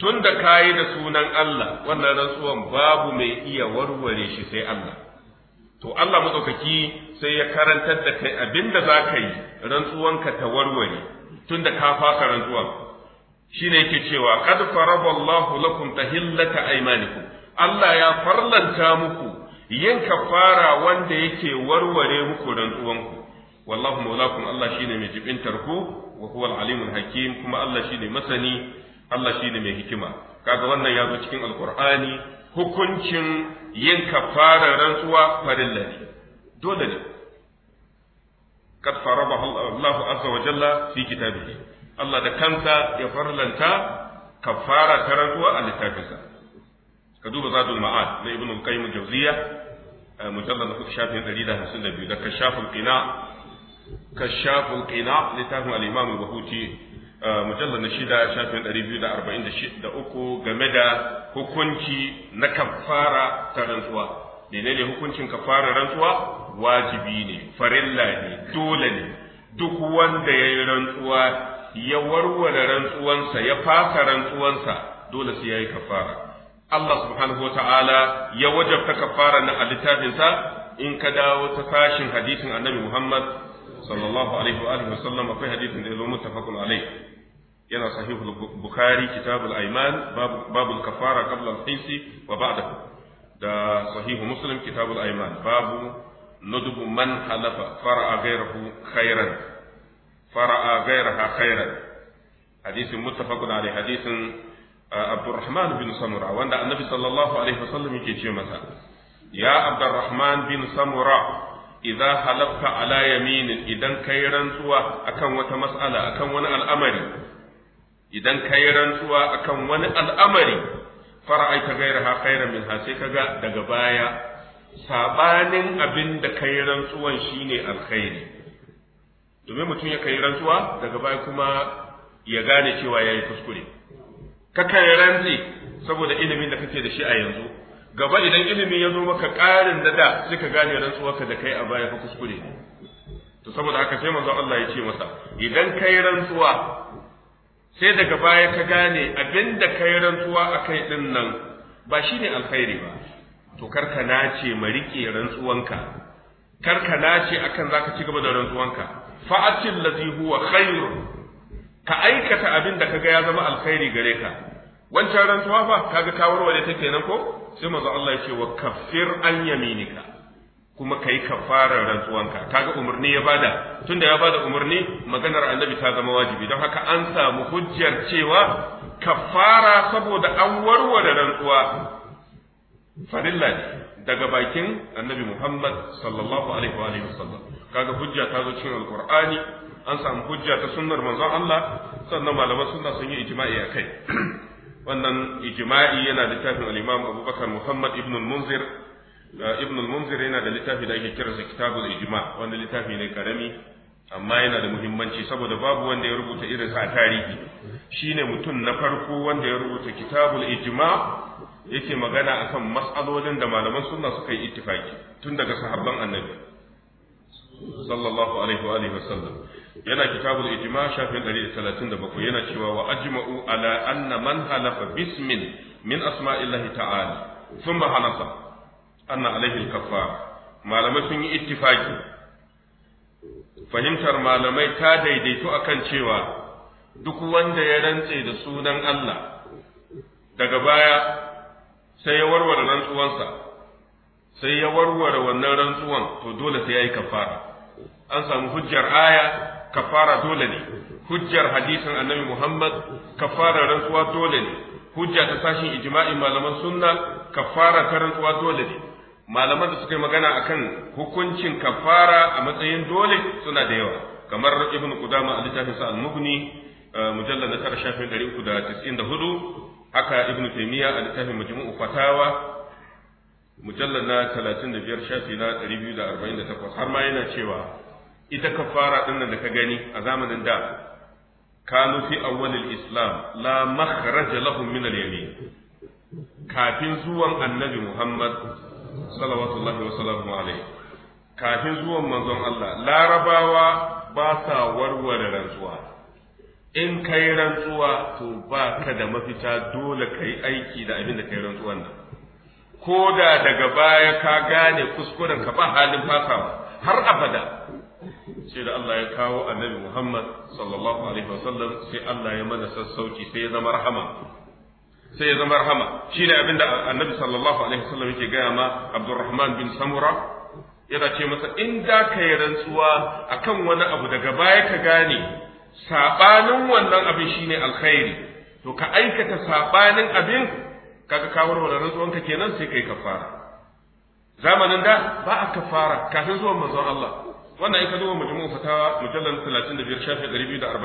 tun da ka yi da sunan Allah wannan rantsuwan babu mai iya warware shi sai Allah to Allah matsaukaki sai ya karantar da kai abinda za ka yi rantsuwanka ta warware tun da ka fasa rantsuwan shi ne yake cewa qad faraballahu lakum tahillata aymanikum Allah ya farlanta muku yin kafara wanda yake warware muku rantsuwanku wallahu mawlakum Allah shine mai jibintar ku wa huwa al-alimul hakim kuma Allah shine masani Allah shine mai hikima kaga wannan ya zo cikin alqur'ani hukuncin yin kafara rantsuwa farilla ne dole ne kad farabahu Allah azza wa jalla fi kitabihi Allah da kansa ya farlanta kafara ta rantsuwa a littafinsa ka duba zadul ma'ad na ibn al-qayyim al-jawziyya eh, mujallad da kashaful qina littafin al-imam al-bahuti mujallal na shida shafin 243 game da hukunci na kafara ta rantsuwa menene hukuncin kafara rantsuwa wajibi ne farilla ne dole ne duk wanda ya yi rantsuwa ya warware rantsuwansa ya fasa rantsuwansa dole sai ya yi kafara Allah subhanahu ya wajabta kafara na a littafinsa in ka dawo ta fashin hadisin annabi Muhammad صلى الله عليه وآله وسلم في حديث ذو متفق عليه ينا صحيح البخاري كتاب الأيمان باب, باب الكفارة قبل الحيس وبعده دا صحيح مسلم كتاب الأيمان باب ندب من حلف فرأى غيره خيرا فرأى غيرها خيرا حديث متفق عليه حديث عبد الرحمن بن سمرة وأن النبي صلى الله عليه وسلم يجي يا عبد الرحمن بن سمرة idza halafta ala yaminin idan kai rantsuwa akan wata mas'ala akan wani al'amari idan kai rantsuwa akan wani al'amari fara'aita gairaha min minha sai kaga daga baya sabanin abin da kai rantsuwan shine alkhairi domin mutum ya kai rantsuwa daga baya kuma ya gane cewa yayi kuskure ka kai rantsi saboda ilimin da kake da shi a yanzu gaba idan ilimi ya zo maka ƙarin da da sai ka gane rantsuwarka da kai a baya fa kuskure to saboda haka sai manzon Allah ya ce masa idan kai rantsuwa sai daga baya ka gane abinda kai rantsuwa akai din nan ba shine alkhairi ba to ka nace ma riƙe rantsuwanka karka nace akan zaka ci gaba da rantsuwanka fa'atil ladhi huwa ka aikata abin da kaga ya zama alkhairi gare ka wancan rantsuwa fa kaga ka warware ta kenan ko sai manzo Allah ya ce wa kafir an yaminika kuma kai kafarar rantsuwanka kaga umarni ya bada tunda ya bada umarni maganar annabi ta zama wajibi don haka an samu hujjar cewa kafara saboda an warware rantsuwa farilla daga bakin annabi Muhammad sallallahu alaihi wa alihi wasallam kaga hujja ta zo cikin alqur'ani an samu hujja ta sunnar manzon Allah sannan malaman sunna sun yi ijma'i akai wannan ijma'i yana littafin al-imam abubakar muhammad ibn al-munzir ibn al-munzir yana da littafi da ake kiransa kitabul ijma wanda littafi ne karami amma yana da muhimmanci saboda babu wanda ya rubuta irin sa tarihi shine mutum na farko wanda ya rubuta kitabul ijma yake magana akan mas'alolin da malaman sunna suka yi ittifaki tun daga sahabban annabi sallallahu alaihi wa alihi wasallam yana kitabul ijma shafin 137 yana cewa wa ajma'u ala anna man halafa bismin min asma'illahi ta'ala thumma halafa anna alaihi al-kaffar malamai sun yi ittifaki fahimtar malamai ta a akan cewa duk wanda ya rantse da sunan Allah daga baya sai ya warware rantsuwansa sai ya warware wannan rantsuwan to dole sai ya yi kafara an samu hujjar aya kafara dole ne hujjar hadisin annabi Muhammad kafara rantsuwa dole ne hujja ta sashin ijma'in malaman sunna kafara ta rantsuwa dole ne malaman da suka yi magana akan hukuncin kafara a matsayin dole suna da yawa kamar ibnu qudama a littafin al-mughni eh, mujallal na tara shafin 394 haka ibnu taymiya a littafin majmu'u fatawa mujallal na 35 shafi na 248 har ma yana cewa ita kafara din nan da ka gani a zamanin da kanu fi awwalil islam la makhraja lahum min al yamin kafin zuwan annabi muhammad sallallahu alaihi wasallam kafin zuwan manzon Allah larabawa ba sa warware rantsuwa in kai rantsuwa to ba ka da mafita dole kai aiki da abin da kai rantsuwan nan ko da daga baya ka gane kuskuren ka ba halin fasawa har abada sai da Allah ya kawo annabi Muhammad sallallahu alaihi wasallam sai Allah ya mana sassauci sai ya zama rahama sai ya zama rahama shine abin da annabi sallallahu alaihi wasallam yake gaya ma Abdurrahman bin Samura yana ce masa in da ka yi rantsuwa akan wani abu daga baya ka gane sabanin wannan abin shine alkhairi to ka aikata sabanin abin kaga ka warware ka kenan sai kai kafara zamanin da ba a kafara kafin zuwan manzon Allah wannan ya ka zo majmu'u fatawa mujallal 35 shafi 248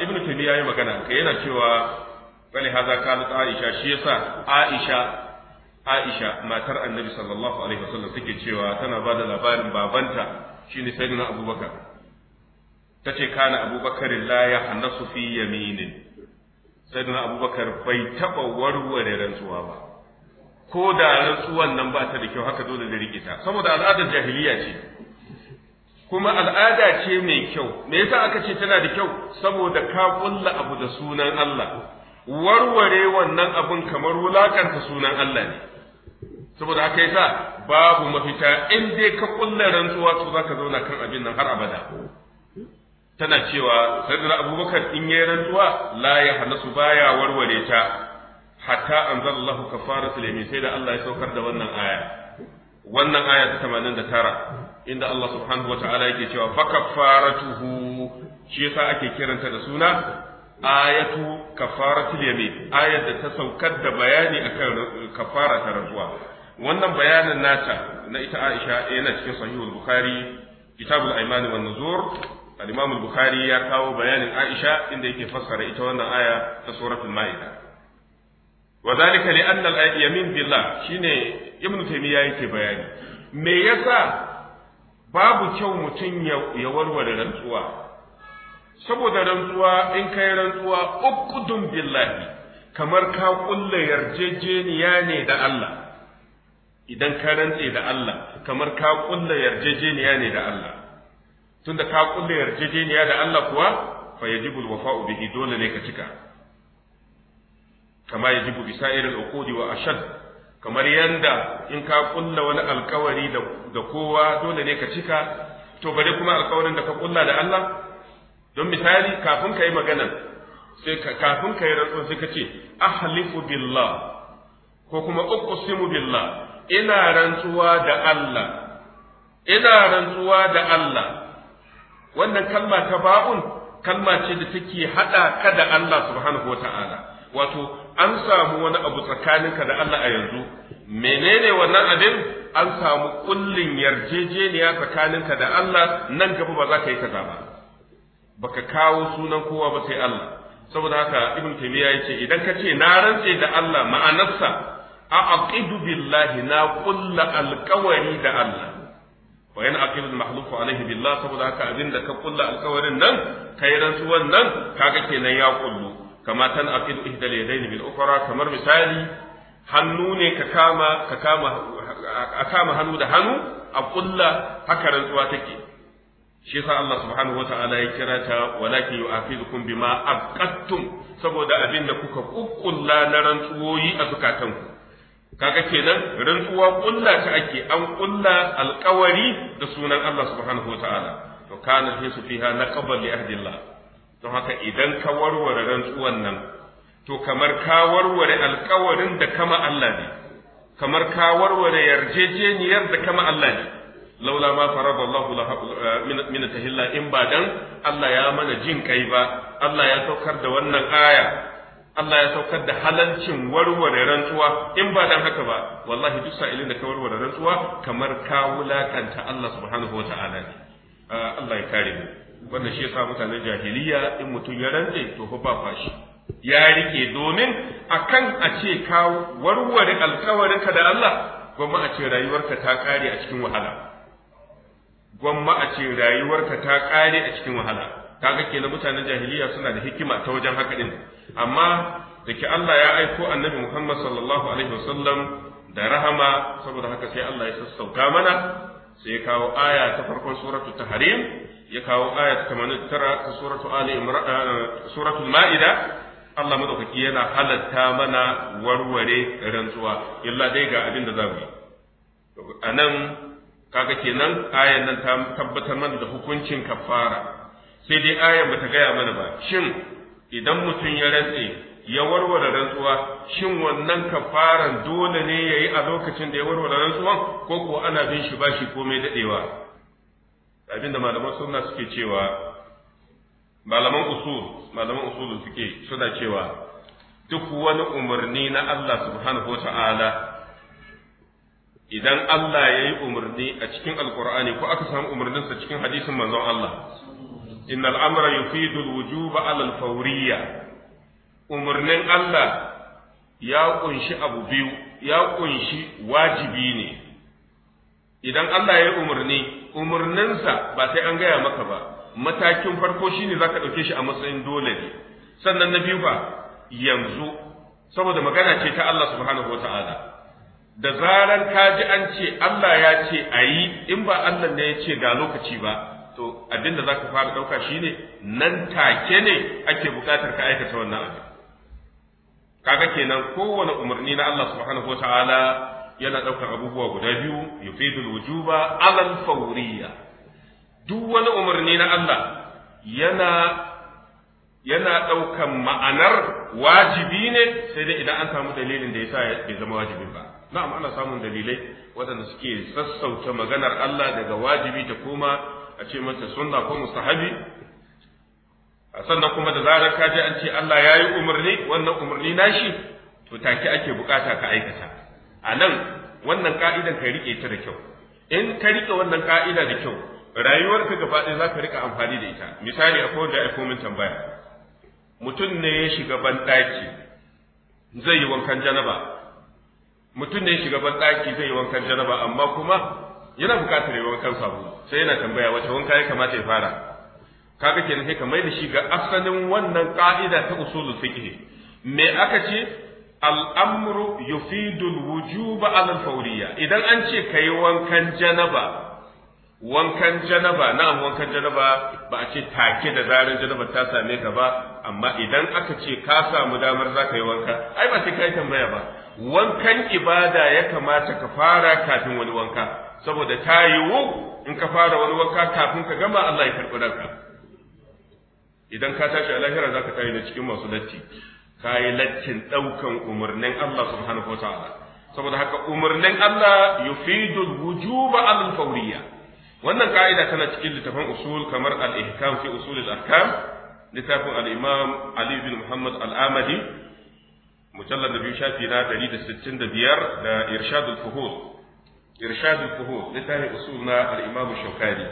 ibn taymiya yi magana kai yana cewa wani haza ta aisha shi yasa aisha aisha matar annabi sallallahu alaihi wasallam take cewa tana ba da labarin babanta shine sayyidina abubakar tace kana abubakar la yahnasu fi yaminin sayyidina abubakar bai taba warware rantsuwa ba ko da rantsuwan nan ba ta da kyau haka dole da rikita saboda al'adar jahiliya ce kuma al'ada ce mai kyau me yasa aka ce tana da kyau saboda ka kulla abu da sunan Allah warware wannan abun kamar wulakanta sunan Allah ne saboda haka sa, babu mafita in dai ka kulla rantsuwa to zaka zauna kan abin nan har abada tana cewa sayyidina abubakar in yayi rantsuwa la ya halasu baya warware ta hatta anzalallahu kafaratul yamin sai da Allah ya saukar da wannan aya wannan aya ta 89 inda Allah subhanahu wata'ala yake cewa fa tuhu shi yasa ake kiranta da suna ayatu kafaratul yamin ayat da ta saukar da bayani akan kafara ta rantsuwa wannan bayanin nata na ita Aisha eh, yana cikin sahihul bukhari kitabul aymani wan nuzur al-imam al-bukhari ya kawo bayanin Aisha inda yake fassara ita wannan aya ta suratul maida وذلك لأن yamin billa shine ibnu تيمية yake bayani me yasa babu kyau mutum ya warware rantsuwa saboda rantsuwa in kai rantsuwa ukudun billahi kamar ka kulla yarjejeniya ne da Allah idan ka rantse da Allah kamar ka kulla yarjejeniya ne da Allah tunda ka kulla yarjejeniya da Allah kuwa fa yajibul wafa'u bihi dole ne ka cika kama yajibu bisa irin uqudi wa ashad kamar yadda in ka kulla wani alkawari da kowa dole ne ka cika to bare kuma alkawarin da ka kulla da Allah don misali kafin ka yi magana sai kafin ka yi rantsuwa sai ka ce ahlifu billah ko kuma uqsimu billah ina rantsuwa da Allah ina rantsuwa da Allah wannan kalma ta ba'un kalma ce da take hada ka da Allah subhanahu wata'ala wato an samu wani abu tsakaninka da Allah a yanzu menene wannan abin an samu kullin yarjejeniya tsakaninka da Allah nan gaba ba za ka yi kaza ba baka kawo sunan kowa ba sai Allah saboda haka ibn taymiya yace idan ka ce na rantse da Allah ma'anarsa a aqidu billahi na kullu alƙawari da Allah wa in aqidu alayhi alaihi billah saboda haka abinda ka kulla alƙawarin nan kai rantsuwan nan kaga kenan ya kullu kama tan aqid ihdal yadayn bil ukhra kamar misali hannu ne ka kama ka kama a kama hannu da hannu a kulla haka rantsuwa take shi yasa Allah subhanahu ta'ala ya kira ta walakin yu'afidukum bima aqattum saboda abin da kuka kukkulla na rantsuwoyi a zukatanku kaga kenan rantsuwa kulla ta ake an kulla alkawari da sunan Allah subhanahu ta'ala to kana fiha naqabal li ahdillah don haka idan ka warware rantsuwan nan to kamar ka warware alkawarin da kama Allah ne kamar ka warware yarjejeniyar da kama Allah ne laula ma farada Allah eh, min tahilla in ba dan Allah ya mana jin kai ba Allah ya saukar da wannan aya Allah ya saukar da halancin warware rantsuwa in ba dan haka ba wallahi duk sa'ilin da ka warware rantsuwa kamar ka wulakanta Allah subhanahu wata'ala ne eh, Allah ya kare mu wannan shi yasa mutane jahiliya in mutum ya rantse to fa ba fashi ya rike domin akan a ce ka warware alkawarinka da Allah gwamma a ce rayuwarka ta kare a cikin wahala gwamma a ce rayuwarka ta kare a cikin wahala kaga kenan mutanen jahiliya suna da hikima ta wajen haka din amma da ke Allah ya aiko annabi Muhammad sallallahu alaihi wasallam da rahama saboda haka sai Allah ya sassauka mana sai ya kawo aya ta farkon suratul tahrim ya kawo ayat 89 ta suratu ali eh, suratul maida Allah madaukaki yana halatta mana warware rantsuwa illa dai ga abin da za mu yi a nan kaga kenan ayan nan ta tabbatar mana da hukuncin kafara sai dai ayan bata gaya mana ba shin idan mutum ya rantse ya warware rantsuwa shin wannan kafaran dole ne yayi a lokacin da ya warware rantsuwan ko ko ana bin shi bashi komai dadewa abinda malaman sunna suke cewa malaman usul malaman usul suke suna cewa duk wani umarni na Allah subhanahu wata'ala idan Allah ya yi umarni a cikin alkur'ani ko aka samu umarninsa cikin hadisin manzon Allah innal amra yufidul wujuba ala alfawriya umarnin Allah ya kunshi abu biyu ya kunshi wajibi ne idan Allah ya umarni umarninsa ba sai an gaya maka ba matakin farko shine zaka ɗauke shi a matsayin dole ne sannan na biyu ba yanzu saboda magana ce ta Allah subhanahu wataala da zaran ka ji an ce Allah ya ce a in ba Allah ne ya ce ga lokaci ba to abin da zaka fara ɗauka shine nan take ne ake bukatar ka aikata wannan abin kaga kenan kowane umarni na Allah subhanahu wataala yana ɗaukar abubuwa guda biyu yufidul wujuba alal fauriya duk wani umarni na Allah yana yana ɗaukan ma'anar wajibi ne sai dai idan an samu dalilin da ya sa bai zama wajibi ba na'am ana samun dalilai waɗanda suke sassauta maganar Allah daga wajibi ta koma a ce mata sunna ko mustahabi sannan kuma da zarar ka je an ce Allah ya yi umarni wannan umarni nashi to take ake bukata ka aikata a nan wannan ka'idan ka rike ta da kyau in ka rike wannan ka'ida da kyau rayuwar ta gaba ɗaya za ka rika amfani da ita misali ko da ya min tambaya mutum ne ya shiga banɗaki zai yi wankan janaba mutum ne ya shiga banɗaki zai yi wankan janaba amma kuma yana buƙatar yi wankan sabu sai yana tambaya wace wanka ya kamata ya fara kaga kenan sai ka mai da shi ga asalin wannan ka'ida ta usulul fiqh me aka ce al'amru yufidul wujuba alin fauriya idan an ce ka yi wankan janaba wankan janaba na'am wankan janaba ba a ce take da zarin janaba ta same ka ba amma idan aka ce ka samu damar za ka yi wanka ai ba sai ka yi tambaya ba wankan ibada ya kamata ka fara kafin wani wanka saboda ta yiwu in ka fara wani wanka kafin ka gama Allah ya karɓi ranka idan ka tashi a lahira za ka tashi da cikin masu latti ka yi laccin ɗaukan umarnin Allah subhanahu wa ta'ala saboda haka umarnin Allah ya yufidu wujuba al fawriya wannan ka'ida tana cikin littafin usul kamar al-ihkam fi usul al-ahkam littafin al-imam Ali bin Muhammad al-Amali mujallad biyu shafi na 165 da irshad al-fuhul irshad al-fuhul littafin usul na al-imam Shawkani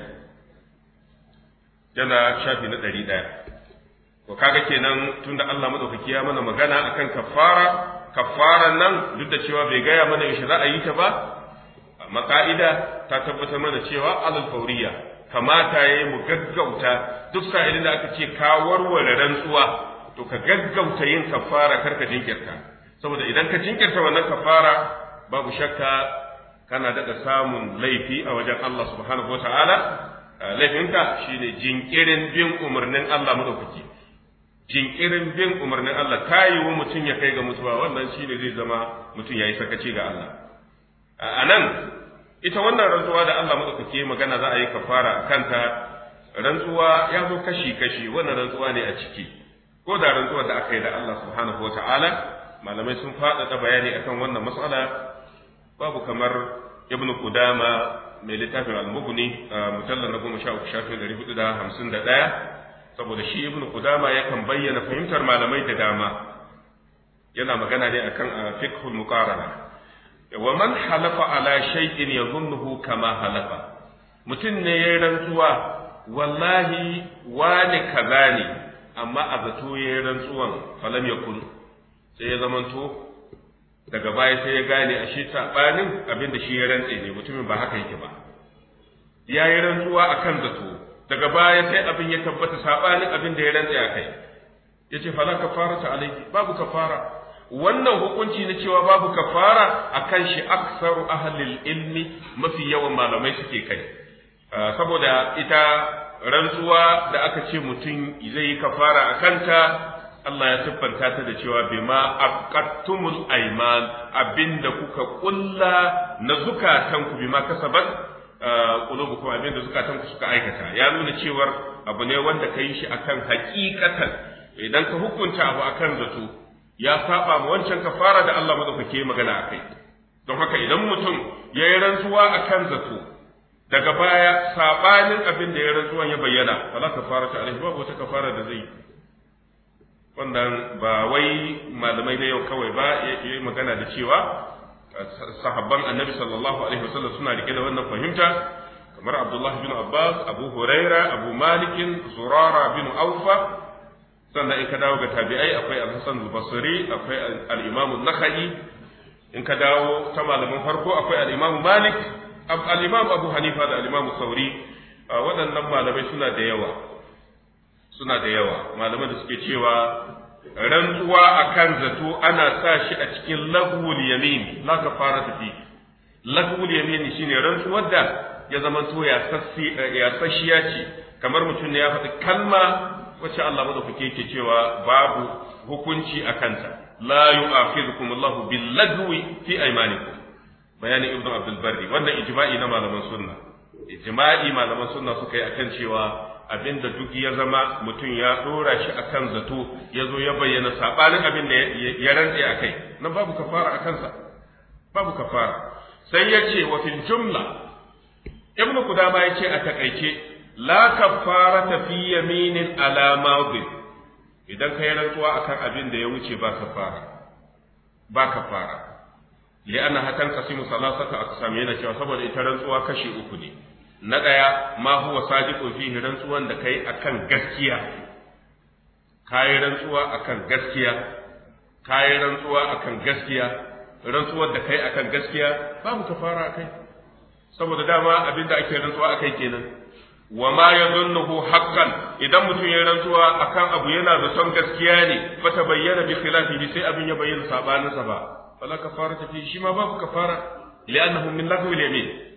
yana shafi na ɗaya. to kaga kenan tunda Allah madaukaki ya mana magana akan kafara kafaran nan duk da cewa bai gaya mana yaushe za a yi ta ba amma ka'ida ta tabbatar mana cewa alal fawriya kamata yayi mu gaggauta duk sa'ilin da aka ce ka warware rantsuwa to ka gaggauta yin kafara karka jinkirta saboda idan ka jinkirta wannan kafara babu shakka kana daɗa samun laifi a wajen Allah subhanahu wa laifinka shine jinkirin bin umarnin Allah madaukaki jinkirin bin umarnin Allah ta yi wa mutum ya kai ga mutuwa wannan shi ne zai zama mutum ya yi sakaci ga Allah a nan ita wannan rantsuwa da Allah ke magana za a yi kafara a kanta rantsuwa ya zo kashi kashi wannan rantsuwa ne a ciki ko da rantsuwa da aka yi da Allah subhanahu wa ta'ala malamai sun faɗaɗa bayani akan wannan matsala babu kamar Ibn Kudama mai littafin al-mughni mujallal na goma sha uku shafi ɗari hudu da hamsin da ɗaya saboda shi ibn qudama yakan bayyana fahimtar malamai da dama yana magana ne akan ah, fiqhul muqarana wa man halafa ala shay'in yadhunnuhu kama halafa mutum ne ya rantsuwa wallahi wani kaza ne amma a zato ya rantsuwan falam yakun sai ya zamanto daga baya sai ya gane a shi saɓanin abin da shi ya rantse ne mutumin ba haka yake ba ya yi rantsuwa akan zato daga baya sai abin ya tabbata sabanin abin da ya rantsa a kai yace fala ta alayhi babu kafara wannan hukunci na cewa babu kafara kan shi aksaru ahlil ilmi mafi yawan malamai suke kai ah, saboda ita rantsuwa da aka ce mutum zai yi kafara a kanta Allah ya siffanta ta da cewa bima aqattumul ayman abinda kuka kulla na zukatanku bima kasabat kuma abin da zukatan ku suka aikata ya nuna cewar abu ne wanda ka yi shi akan hakikatan idan ka hukunta abu akan zato ya saba ma wancan ka fara da Allah madaukake magana akai don haka idan mutum ya yi rantsuwa akan zato daga baya sabanin abin da ya rantsuwa ya bayyana ka fara ta alaihi babu wata kafara da zai wannan ba wai malamai na yau kawai ba ya yi magana da cewa sahabban annabi sallallahu alaihi wasallam suna rike da wannan fahimta kamar abdullah bin abbas abu huraira abu malikin zurara bin aufa sannan in ka dawo ga tabi'ai akwai al-hasan al-basri akwai al-imam an-nakhai in ka dawo ta malamin farko akwai al-imam malik al-imam abu hanifa da al-imam sauri waɗannan malamai suna da yawa suna da yawa malaman da suke cewa rantsuwa akan zato ana sa shi a cikin lahul yamin la kafara tafi lahul yamin shine rantsuwar da ya zama to ya sassi sashiya ce kamar mutum ne ya faɗi kalma wacce Allah madaukake yake cewa babu hukunci a kanta la yu'akhidhukum Allahu bil lagwi fi aymanikum Bayani ibnu abdul barri wannan ijma'i na malaman sunna ijma'i malaman sunna suka yi akan cewa abinda duk ya zama mutum ya ɗora shi akan zato ya zo ya bayyana sabanin abin da ya rantse a kai nan babu kafara a kansa babu kafara sai ya ce wa fil jumla ibnu kudama ya ce a takaice la ta fi yaminin ala madin idan kai rantsuwa akan abin da ya wuce ba kafara ba kafara li'anna hatan qasimu salasata aqsam yana cewa saboda ita rantsuwa kashi uku ne na ɗaya ma huwa sadiqun fihi rantsuwan da kai akan gaskiya kai rantsuwa akan gaskiya kai rantsuwa akan gaskiya rantsuwar da kai akan gaskiya babu kafara kai. saboda dama abinda ake rantsuwa akai kenan wa ma yadhunnuhu haqqan idan mutum ya rantsuwa akan abu yana da son gaskiya ne fa tabayyana bi khilafihi sai abin ya bayyana sa ba fala kafara fi shi ma babu kafara li'annahu min lahwil yamin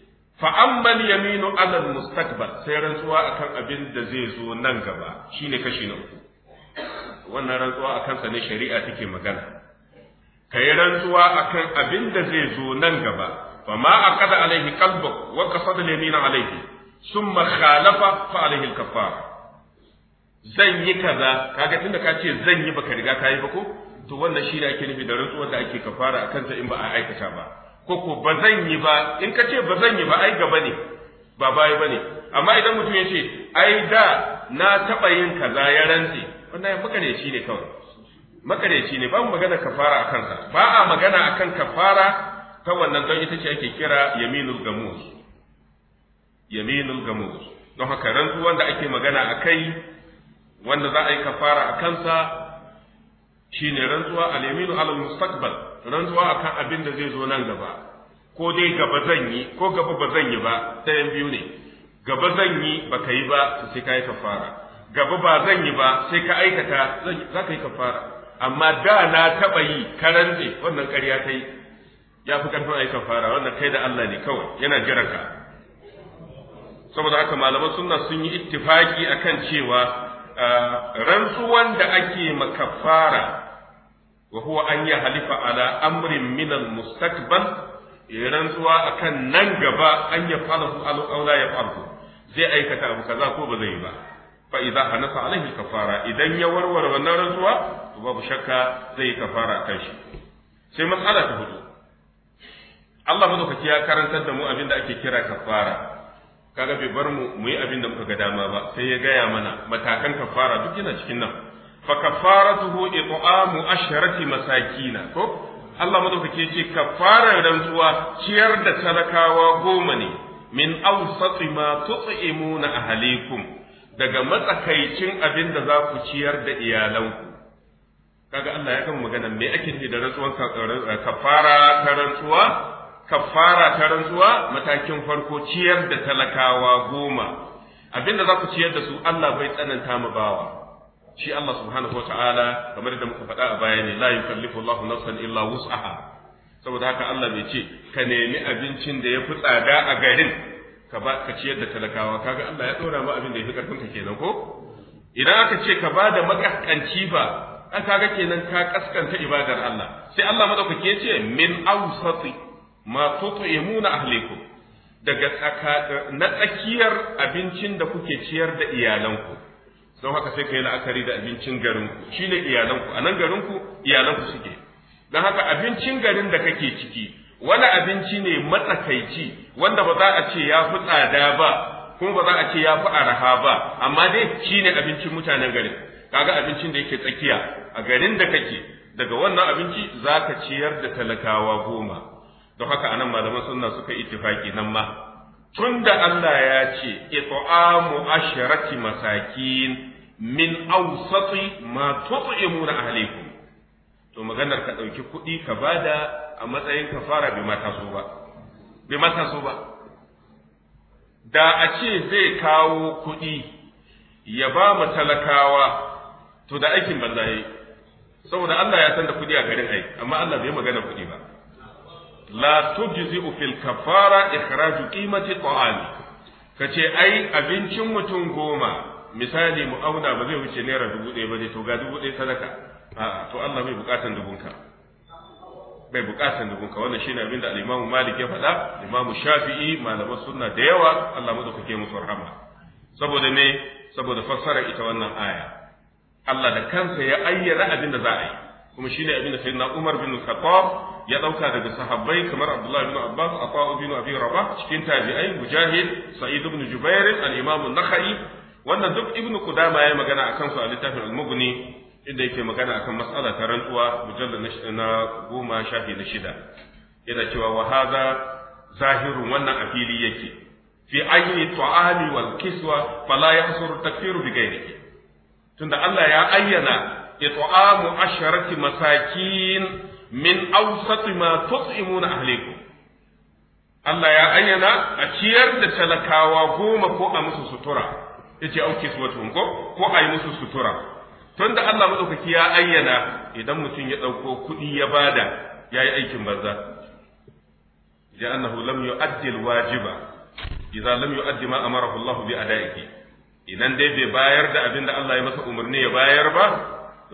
fa ammal yaminu ala mustaqbal sai rantsuwa akan abin da zai zo nan gaba shine kashi na uku wannan rantsuwa akan sa ne shari'a take magana kai rantsuwa akan abin da zai zo nan gaba fa ma aqada alaihi qalbuk wa qasada yamin alaihi summa khalafa fa alaihi kafa. zan yi kaza kaga tunda ka ce zan yi baka riga ka yi ba ko to wannan shi ne ake nufi da rantsuwar da ake kafara akan sa in ba a aikata ba koko ba zan yi ba in ka ce ba zan yi ba ai gaba ne ba baya ba ne amma idan mutum ya ce ai da na taɓa yin kaza ya rantse wannan makareci ne kawai makareci ne mu magana kafara a kansa ba a magana akan kafara ta wannan don ita ce ake kira yaminul gamus yaminul gamus don haka rantsu wanda ake magana a kai wanda za a yi kafara a kansa shine rantsuwa al-yaminu al mustaqbal rantsuwa kan abin da zai zo nan gaba ko dai gaba zan yi ko gaba ba zan yi ba ɗayan biyu ne gaba zan yi ba ka yi ba sai ka yi ka fara. gaba ba zan yi ba sai ka aikata za ka yi ka fara. amma da na taɓa yi karan ne wannan ƙarya ta yi ya fi ƙarfin ka fara, wannan kai da Allah ne kawai yana jiran ka saboda haka malaman suna sun yi ittifaki akan cewa ah, rantsuwan da ake fara. wa an ya halifa ala amrin min al mustaqbal ya rantsuwa akan nan gaba an ya falahu aula ya falahu zai aikata abu kaza ko ba zai yi ba fa idza hanasa alaihi kafara idan ya warware na rantsuwa to babu shakka zai yi kafara kan shi sai matsala ta hudu Allah madaukaki ya karantar da mu abin da ake kira kafara kaga bai bar mu mu yi abin da muka ga dama ba sai ya gaya mana matakan kafara duk yana cikin nan fa kafaratuhu it'amu asharati masakina ko Allah madaukake ce kafarar rantsuwa ciyar da talakawa goma ne min awsati ma tut'imuna ahlikum daga matsakaicin abin da za ku ciyar da iyalanku kaga Allah ya kan magana me ake nufi da rantsuwar eh, kafara ta rantsuwa kafara ta rantsuwa matakin farko ciyar da talakawa goma abinda za ku ciyar da su Allah bai tsananta mu bawa shi Allah subhanahu wa ta'ala kamar da muka faɗa a baya ne la yukallifu Allahu nafsan illa wus'aha saboda haka Allah bai ce ka nemi abincin da ya fi tsada a garin ka ba ka ciyar da talakawa kaga Allah ya dora ma abin da ya fi karfin ka kenan ko idan aka ce ka ba da makaskanci ba an kaga kenan ka kaskanta ibadar Allah sai Allah madaukake ya ce min awsati ma tut'imuna ahlikum daga tsaka na tsakiyar abincin da kuke ciyar da iyalanku don haka sai ka yi la'akari da abincin garinku shi ne iyalanku a nan garinku iyalanku suke don haka abincin garin da kake ciki wani abinci ne matsakaici wanda ba za a ce ya fi tsada ba kuma ba za a ce ya fi araha ba amma dai shi ne abincin mutanen garin kaga abincin da yake tsakiya a garin da kake daga wannan abinci za ka ciyar da talakawa goma don haka anan malaman sunna suka ittifaki nan ma tunda Allah ya ce it'amu asharati masakin min awsati ma tut'imuna ahlikum to maganar ka ɗauki kuɗi ka bada a matsayin kafara bai mata so ba mata ba da a ce zai kawo kuɗi ya ba mu talakawa to da aikin banza yi saboda Allah ya san da kuɗi a garin ai amma Allah bai magana kuɗi ba la tujzi'u fil kafara ikhraju qimati ta'ami kace ai abincin mutum goma misali mu auna ba zai wuce naira dubu ɗaya ba ne to ga dubu ɗaya sadaka a'a to Allah bai bukatan dubunka bai bukatan dubunka wannan shine abin da al-Imam Malik ya faɗa Imam Shafi'i malaman sunna da yawa Allah madaukake musu rahama saboda me saboda fassara ita wannan aya Allah da kansa ya ayyana abinda da za a yi kuma shine abin sayyidina Umar bin Khattab ya dauka daga sahabbai kamar Abdullah bin Abbas Atha bin Abi Rabah cikin tabi'ai Mujahid Sa'id bin Jubair al-Imam an wannan duk ibnu kudama ya magana akan su a littafin al-mughni inda yake magana akan mas'ala ta rantsuwa mujallal na goma shafi na shida yana cewa wa hadha zahirun wannan a fili yake fi ayyi ta'ami wal kiswa fala yahsuru takfiru bi ghairihi tunda Allah ya ayyana it'amu asharati masakin min awsati ma tut'imuna ahlikum Allah ya ayyana a ciyar da talakawa goma ko a musu sutura yace auki suwatun ko ko ai musu sutura tunda Allah madaukaki ya ayyana idan mutum ya dauko kuɗi ya bada yayi aikin banza ya annahu lam yu'addi al-wajiba idza lam yu'addi ma amarahu Allah bi adaihi idan dai bai bayar da abin da Allah ya masa umarni ya bayar ba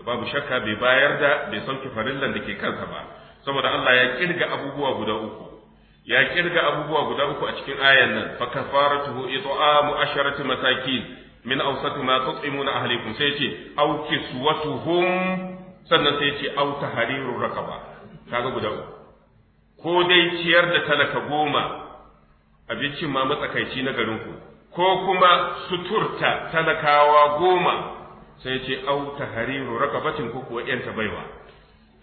to babu shakka bai bayar da bai sauke farillan da ke kansa ba saboda Allah ya kirga abubuwa guda uku ya kirga abubuwa guda uku a cikin ayan nan fa kafaratuhu it'amu asharati masakin min awsatu ma tut'imuna ahlikum sai ce aw kiswatuhum sannan sai ce aw tahriru rakaba kaga guda uku ko dai ciyar da talaka goma abincin ma matsakaici na garinku ko kuma suturta talakawa goma sai ce aw tahriru rakabatin ko kuwa yanta baiwa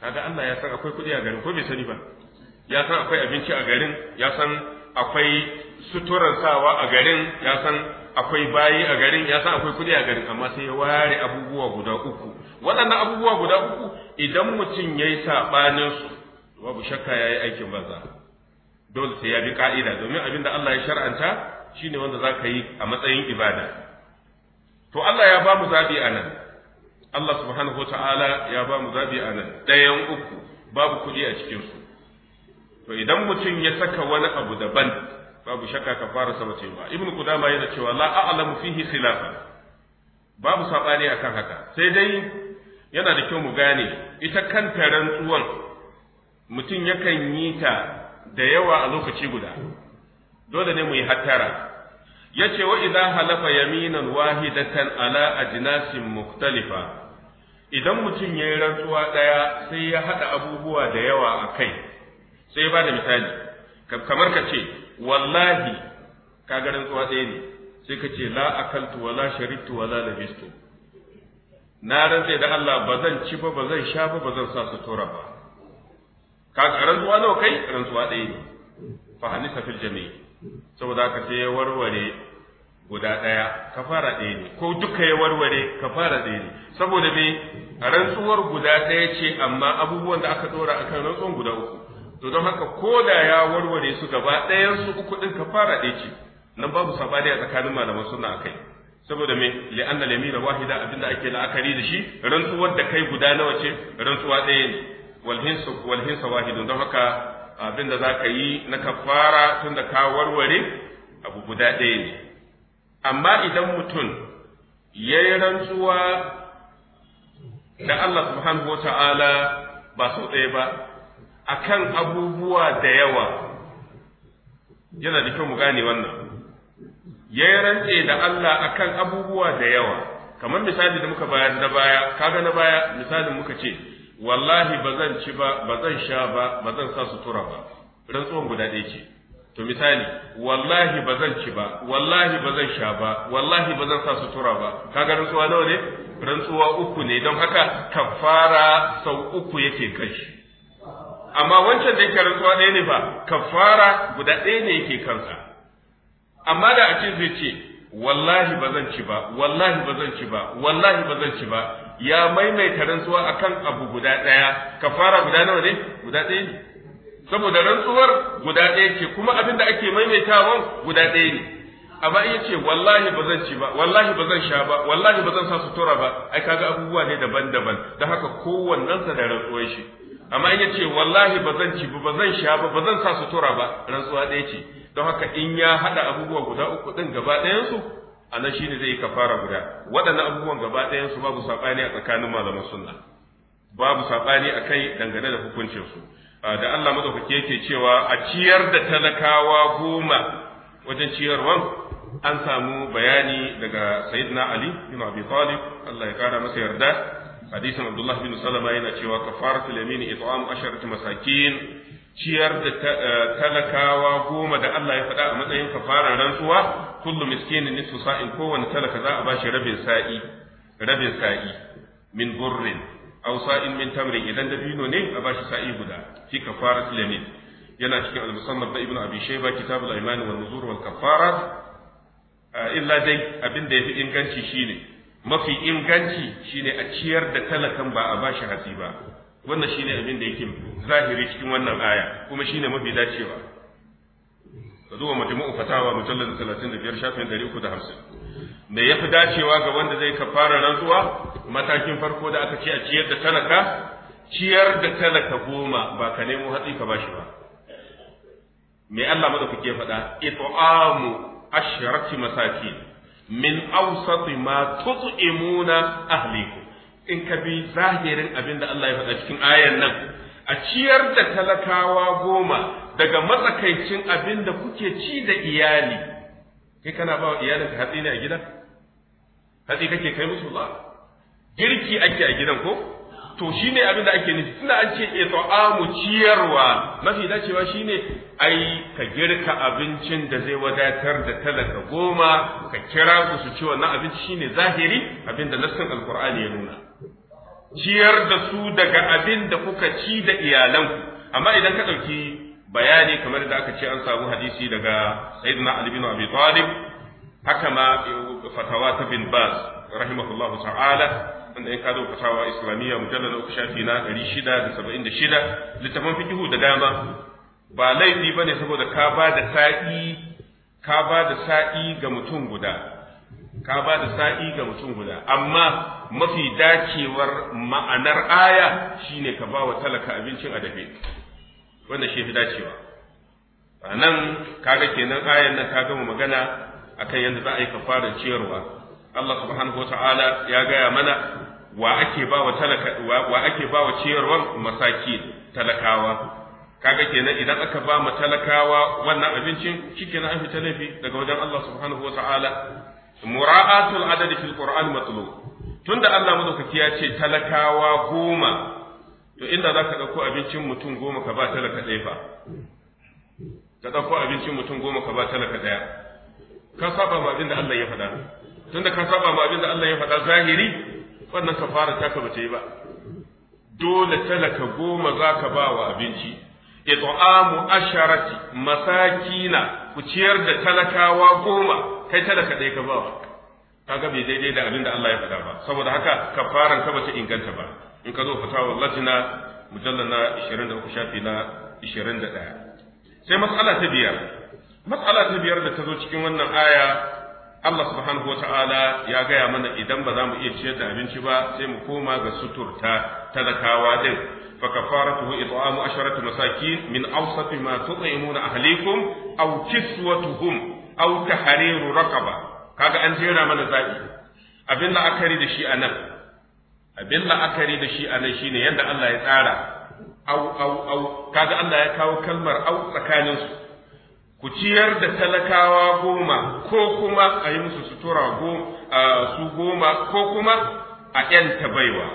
kaga Allah ya san akwai kudi a garin ko bai sani ba ya san akwai abinci a garin ya san akwai suturar sawa a garin ya san akwai bayi a garin ya san akwai kuɗi a garin amma sai ya ware abubuwa guda uku waɗannan abubuwa guda uku idan mutum ya yi saɓanin su babu shakka ya yi aikin banza dole sai ya bi ka'ida domin abin da Allah ya shar'anta shine wanda za ka yi a matsayin ibada to Allah ya ba mu zaɓi a nan Allah subhanahu wa ta'ala ya ba mu zaɓi a nan ɗayan uku babu kuɗi a cikinsu to idan mutum ya saka wani abu daban babu shakka ka fara sama cewa. ba ibnu qudama yana cewa la a'lamu fihi khilafa babu sabani akan haka sai dai yana da kyau mu gane ita kanta rantsuwan mutum yakan yi ta da yawa a lokaci guda dole ne mu yi hattara yace wa idza halafa yaminan wahidatan ala ajnasin mukhtalifa idan mutum ya yi rantsuwa ɗaya, sai ya haɗa abubuwa da yawa a kai sai ba da misali kamar ka ce wallahi ga rantsuwa ɗaya ne sai ka ce la akaltu wala sharitu wala labistu na rantse da Allah ba zan ci ba ba zan sha ba ba zan sa su sutura ba Ka ga rantsuwa nawa kai rantsuwa ɗaya ne fa hanisa fil jami'i saboda ka sai ya warware guda ɗaya kafara ɗaya ne ko duka ya warware kafara ɗaya ne saboda me rantsuwar guda ɗaya ce amma abubuwan da aka ɗora akan rantsuwan guda uku to don haka ko da ya warware su gaba ɗayan su kuɗin ɗin kafara ɗaya ce nan babu sabani a tsakanin malaman a kai. saboda me li'anna lamina wahida abinda ake la'akari da shi rantsuwar da kai guda nawa ce rantsuwa ɗaya ne Walhinsa walhinsa wal don haka abinda zaka yi na kafara da ka warware abu guda ɗaya ne amma idan mutum ya yi rantsuwa da Allah subhanahu wa ta'ala ba sau ɗaya ba akan abubuwa da yawa yana da kyau mu gane wannan ya rantse da Allah akan abubuwa da yawa kamar misali da muka bayar na baya kaga na baya misalin muka ce wallahi ba zan ci ba ba zan sha ba ba zan sa sutura ba rantsuwan guda ɗaya ce to misali wallahi ba zan ci ba wallahi ba zan sha ba wallahi ba zan sa sutura ba kaga rantsuwa nawa ne rantsuwa uku ne don haka kafara sau uku yake kai amma wancan da yake rantsuwa ɗaya ne fa kafara guda ɗaya ne yake kansa amma da a ce zai ce wallahi ba zan ci ba wallahi ba zan ci ba wallahi ba zan ci ba ya maimaita rantsuwa akan abu guda ɗaya kafara guda nawa ne guda ɗaya ne saboda rantsuwar guda ɗaya ce kuma abin da ake maimaitawa guda ɗaya ne amma in ce wallahi ba zan ci ba wallahi ba zan sha ba wallahi ba zan sa sutura ba ai kaga abubuwa ne daban-daban don haka kowannensa da rantsuwar shi amma in ce wallahi ba zan ci ba zan sha ba ba zan sa sutura ba rantsuwa ɗaya ce don haka in ya haɗa abubuwa guda uku ɗin gaba ɗayansu a nan shine zai yi kafara guda waɗannan abubuwan gaba ɗayansu babu saɓani a tsakanin malaman sunna babu saɓani a kai dangane da hukuncin su. da Allah madaukake yake cewa a ciyar da talakawa goma wajen ciyarwan an samu bayani daga sayyidina Ali bin Abi Talib Allah ya kara masa yarda hadisin abdullah bin salama yana cewa kafaratul yamin it'am asharati masakin ciyar da eh, talakawa goma da Allah ya faɗa a matsayin kafarar rantsuwa kullum miskinin nisfu sa'in kowanne talaka za a bashi rabin sa'i rabin sa'i min burrin aw sa'in min tamrin idan dabino ne a bashi sa'i guda fi kafaratul filamin yana cikin al-musammar da ibnu abi shayba kitabul iman wal nuzur wal kafarat eh, illa dai abin da yafi inganci shine mafi inganci shine a ciyar da talakan ba a bashi hatsi ba wannan shine abin da yake zahiri cikin wannan aya kuma shine mafi dacewa ka zuwa majmu'u fatawa da 35 shafin 350 me yafi dacewa ga wanda zai kafara rantsuwa matakin farko da aka ce a ciyar da talaka ciyar da talaka goma ba ka nemo hatsi ka bashi ba me Allah madaukake faɗa it'amu ashrati masakin min awsati ma tut'imuna ahliku in ka bi zahirin abin da Allah ya faɗa cikin ayan nan a ciyar da talakawa goma daga matsakaicin abin da kuke ci da iyali kai kana ba wa iyalinka hatsi ne a gida hatsi kake kai musu ba girki ake a gidan ko to shi ne abin da ake nufi tunda an ce amu ciyarwa mafi dacewa shi ne ai ka girka abincin da zai wadatar da talaka goma ka kira su su ci wannan abinci shi ne zahiri abin da nassin alkur'ani ya nuna ciyar da su daga abin da kuka ci da iyalanku amma idan ka ɗauki bayani kamar da aka ce an samu hadisi daga sayyidina ali bin abi talib haka ma fatawa ta bin baz rahimahullahu ta'ala wanda ya kazo fatawa islamiyya mujallar uku shafi na ɗari shida da saba'in da shida littafin fikihu da dama ba laifi bane saboda ka ba da sa'i ka ba da sa'i ga mutum guda ka ba da sa'i ga mutum guda amma mafi dacewar ma'anar aya shine ka ba wa talaka abincin a dafe wanda shi fi dacewa a nan kaga kenan ayan nan ka gama magana akan yadda za a yi fara ciyarwa Allah subhanahu ta'ala ya gaya mana wa ake ba wa talaka wa ake ba wa ciyarwar masaki talakawa kaga kenan idan aka ba mu talakawa wannan abincin shikenan an fita laifi daga wajen Allah subhanahu ta'ala mura'atul adad fil qur'an matlub tunda Allah madaukaki ya ce talakawa goma to inda zaka dauko abincin mutum goma ka ba talaka ɗaya fa ka dauko abincin mutum goma ka ba talaka ɗaya ka saba ma abin da Allah ya faɗa tunda ka saba ma abin Allah ya faɗa zahiri wannan kafara ta ka bace ba dole talaka goma za ka ba wa abinci it'amu asharati masakina ku ciyar da talakawa goma kai talaka ɗaya ka ba kaga bai daidai da abin da Allah ya faɗa ba saboda haka kafaran ka bace inganta ba in ka zo fatawa lajina mujallal na 23 shafi na 21 sai mas'ala ta biyar mas'ala ta biyar da ta zo cikin wannan aya Allah subhanahu wa ta'ala ya gaya mana idan ba za mu iya ciyar da abinci ba sai mu koma ga suturta talakawa din fa kafaratuhu it'amu asharatu masakin min awsati ma tut'imuna ahlikum aw kiswatuhum aw tahriru raqaba kaga an jera mana zabi abin la'akari da shi anan abin la'akari da shi anan shine yadda Allah ya tsara aw aw aw kaga Allah ya kawo kalmar au tsakaninsu ku ciyar da talakawa goma ko kuma a yi musu sutura su goma ko kuma a ‘yanta baiwa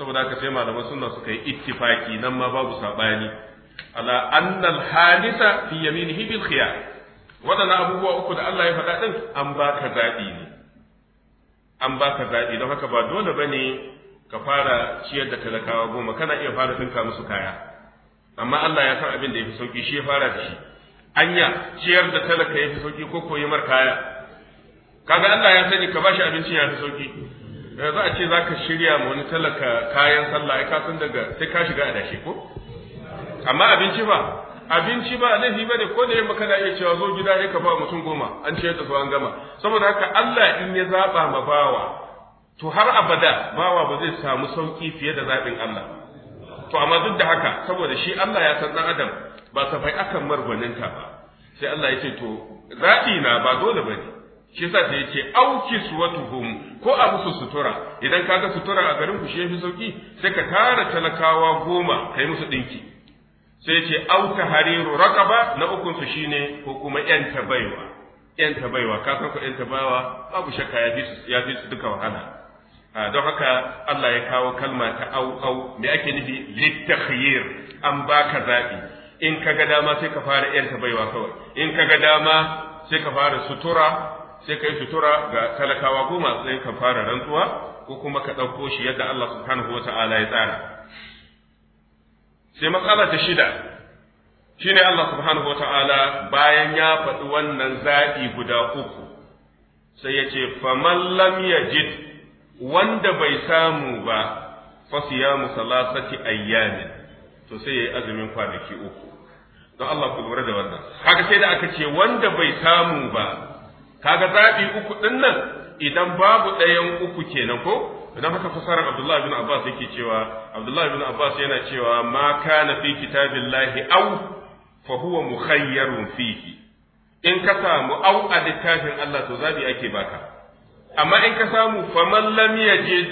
saboda aka ce malaman suna suka yi ittifaki nan ma babu saɓani ala annal halisa fi yaminihi bil khiyar waɗannan abubuwa uku da Allah ya faɗa ɗin an baka zaɓi ne an baka zaɓi don haka ba dole ba ne ka fara ciyar da talakawa goma kana iya fara tunka musu kaya amma Allah ya san abin da ya fi sauƙi shi ya fara da shi anya ciyar da talaka ya fi sauki ko koyi mar kaya kaga Allah ya sani ka bashi abinci ya fi sauki za a ce za shirya ma wani talaka kayan sallah ai ka san daga sai ka shiga adashi ko amma abinci ba abinci ba laifi ba ne ko da yamma kana iya cewa zo gida ya ka ba mutum goma an ce da su an gama saboda haka Allah in ya zaba ma bawa to har abada bawa ba zai samu sauki fiye da zabin Allah to amma duk da haka saboda shi Allah ya san dan adam ba safai akan margwaninta ba sai Allah ya ce to zaɓi na ba dole ba ne shi yasa sai ya ce hum ko a musu sutura idan ka ga sutura a garin ku shi yafi sauki sai ka tara talakawa goma kai musu ɗinki sai ce Auta Hariru raqaba na ukun su shine ko kuma yan tabaiwa yan tabaiwa ka san ko yan tabaiwa babu shakka ya fi ya fi duka wahala don haka Allah ya kawo kalma ta au au me ake nufi litakhyir an baka zabi in ka ga dama sai ka fara ta baiwa kawai, in ka ga dama sai ka fara sutura, sai ka yi sutura ga talakawa masu sai ka fara rantsuwa ko kuma ka ɗauko shi yadda Allah subhanahu wa ta'ala ya tsara. Sai matsala ta shida, shi Allah subhanahu wa ta'ala bayan ya faɗi wannan zaɓi guda uku, sai ya ce, Faman lam yajid wanda bai samu ba, siyamu salasati ayyamin, to sai ya azumin kwanaki uku. don Allah ku lura da wannan kaga sai da aka ce wanda bai samu ba kaga zabi uku din nan idan babu ɗayan uku kenan ko idan haka fasara Abdullahi bin Abbas yake cewa Abdullahi bin Abbas yana cewa ma kana fi kitabillahi aw fa huwa mukhayyarun fihi in ka samu aw a littafin Allah to zabi ake baka amma in ka samu faman lam yajid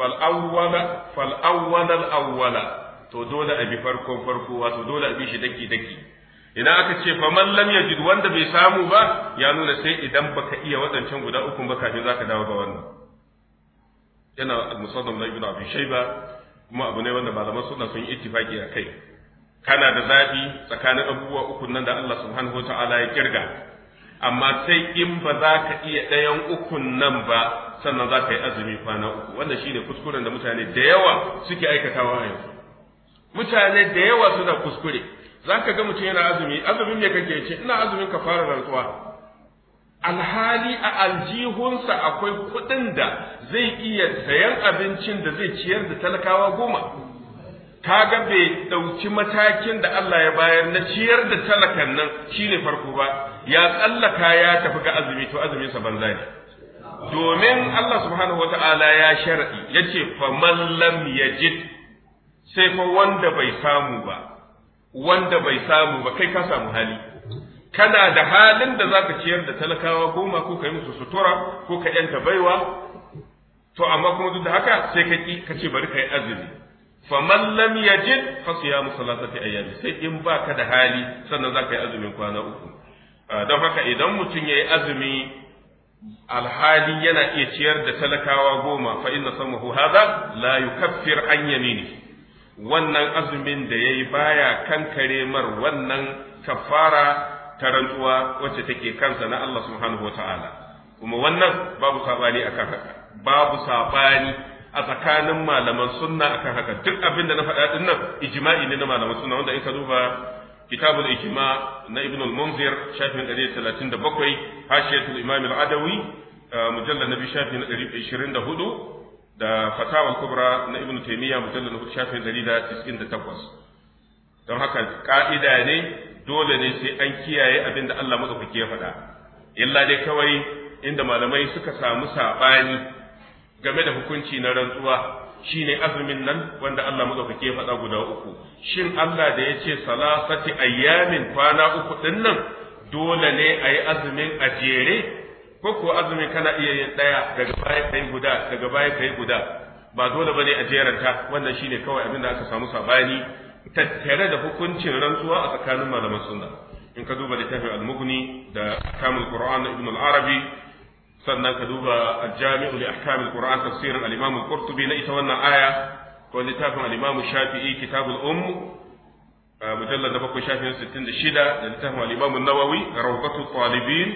fal awwala fal awwala al awwala to dole a bi farkon farko wato dole a bi shi daki daki idan aka ce fa man lam yajid wanda bai samu ba ya nuna sai idan baka iya wadancan guda uku ba kafin zaka dawo ga wannan yana musaddam na ibnu abi shayba kuma abu ne wanda malaman sunna sun yi ittifaki a kai kana da zabi tsakanin abubuwa uku nan da Allah subhanahu wataala ya kirga amma sai in ba za ka iya ɗayan ukun nan ba sannan za ka yi azumi kwana uku wannan ne kuskuren da mutane da yawa suke aikatawa a yanzu mutane da yawa suna kuskure za ka ga mutum yana azumi azumin me kake ce ina azumin ka fara rantsuwa alhali a aljihunsa akwai kuɗin da zai iya sayan abincin da zai ciyar da talakawa goma ga bai ɗauki matakin da Allah ya bayar na ciyar da talakan nan shi ne farko ba ya tsallaka ya tafi ga azumi to azuminsa banza ne domin Allah subhanahu wata'ala ya shar'i yace faman lam yajid sai fa wanda bai samu ba wanda bai samu ba kai ka samu hali kana da halin da zaka ciyar da talakawa goma ko kai musu sutura ko ka yanta baiwa to amma kuma duk da haka sai ka ki ka ce bari kai azumi faman lam yajid fa siyamu salatati yanzu sai in baka da hali sannan zaka yi azumin kwana uku ah, don haka idan mutum yayi azumi alhali yana iya ciyar da talakawa goma fa inna samahu hadha la yukaffir an yamini wannan azumin da ya yi baya kankare mar wannan kafara ta rantsuwa wacce take kansa na Allah subhanahu wata'ala kuma wannan babu sabani akan haka babu sabani a tsakanin malaman sunna akan haka duk abin da na faɗa din nan ijma'i ne na malaman sunna wanda in ka duba kitabul ijma na ibn al-munzir shafin 137 hashiyatul imam al-adawi uh, mujallal nabi shafin 124 da fatawa kubra na ibnu taymiya mujallal na shafin takwas. don haka ka'ida ne dole ne sai an kiyaye abin da Allah maka ya faɗa illa dai kawai inda malamai suka samu sabani game da hukunci na rantsuwa shine azumin nan wanda Allah maka ya faɗa guda uku shin Allah da ya ce salasati ayyamin kwana uku din nan dole ne ayi yi azumin a jere ko ko azumi kana iya yin daya daga baya ka yi guda daga baya ka yi guda ba dole ba ne a jeranta wannan shine kawai abin da aka samu sabani tattare da hukuncin rantsuwa a tsakanin malaman sunna in ka duba littafin al-mughni da kamul qur'an ibn al-arabi sannan ka duba al-jami'u li ahkam al-qur'an tafsir al-imam al-qurtubi na ita wannan aya ko littafin al-imam shafi'i kitabul umm مجلد بقى شافين 66 لتهم الإمام النووي روضة الطالبين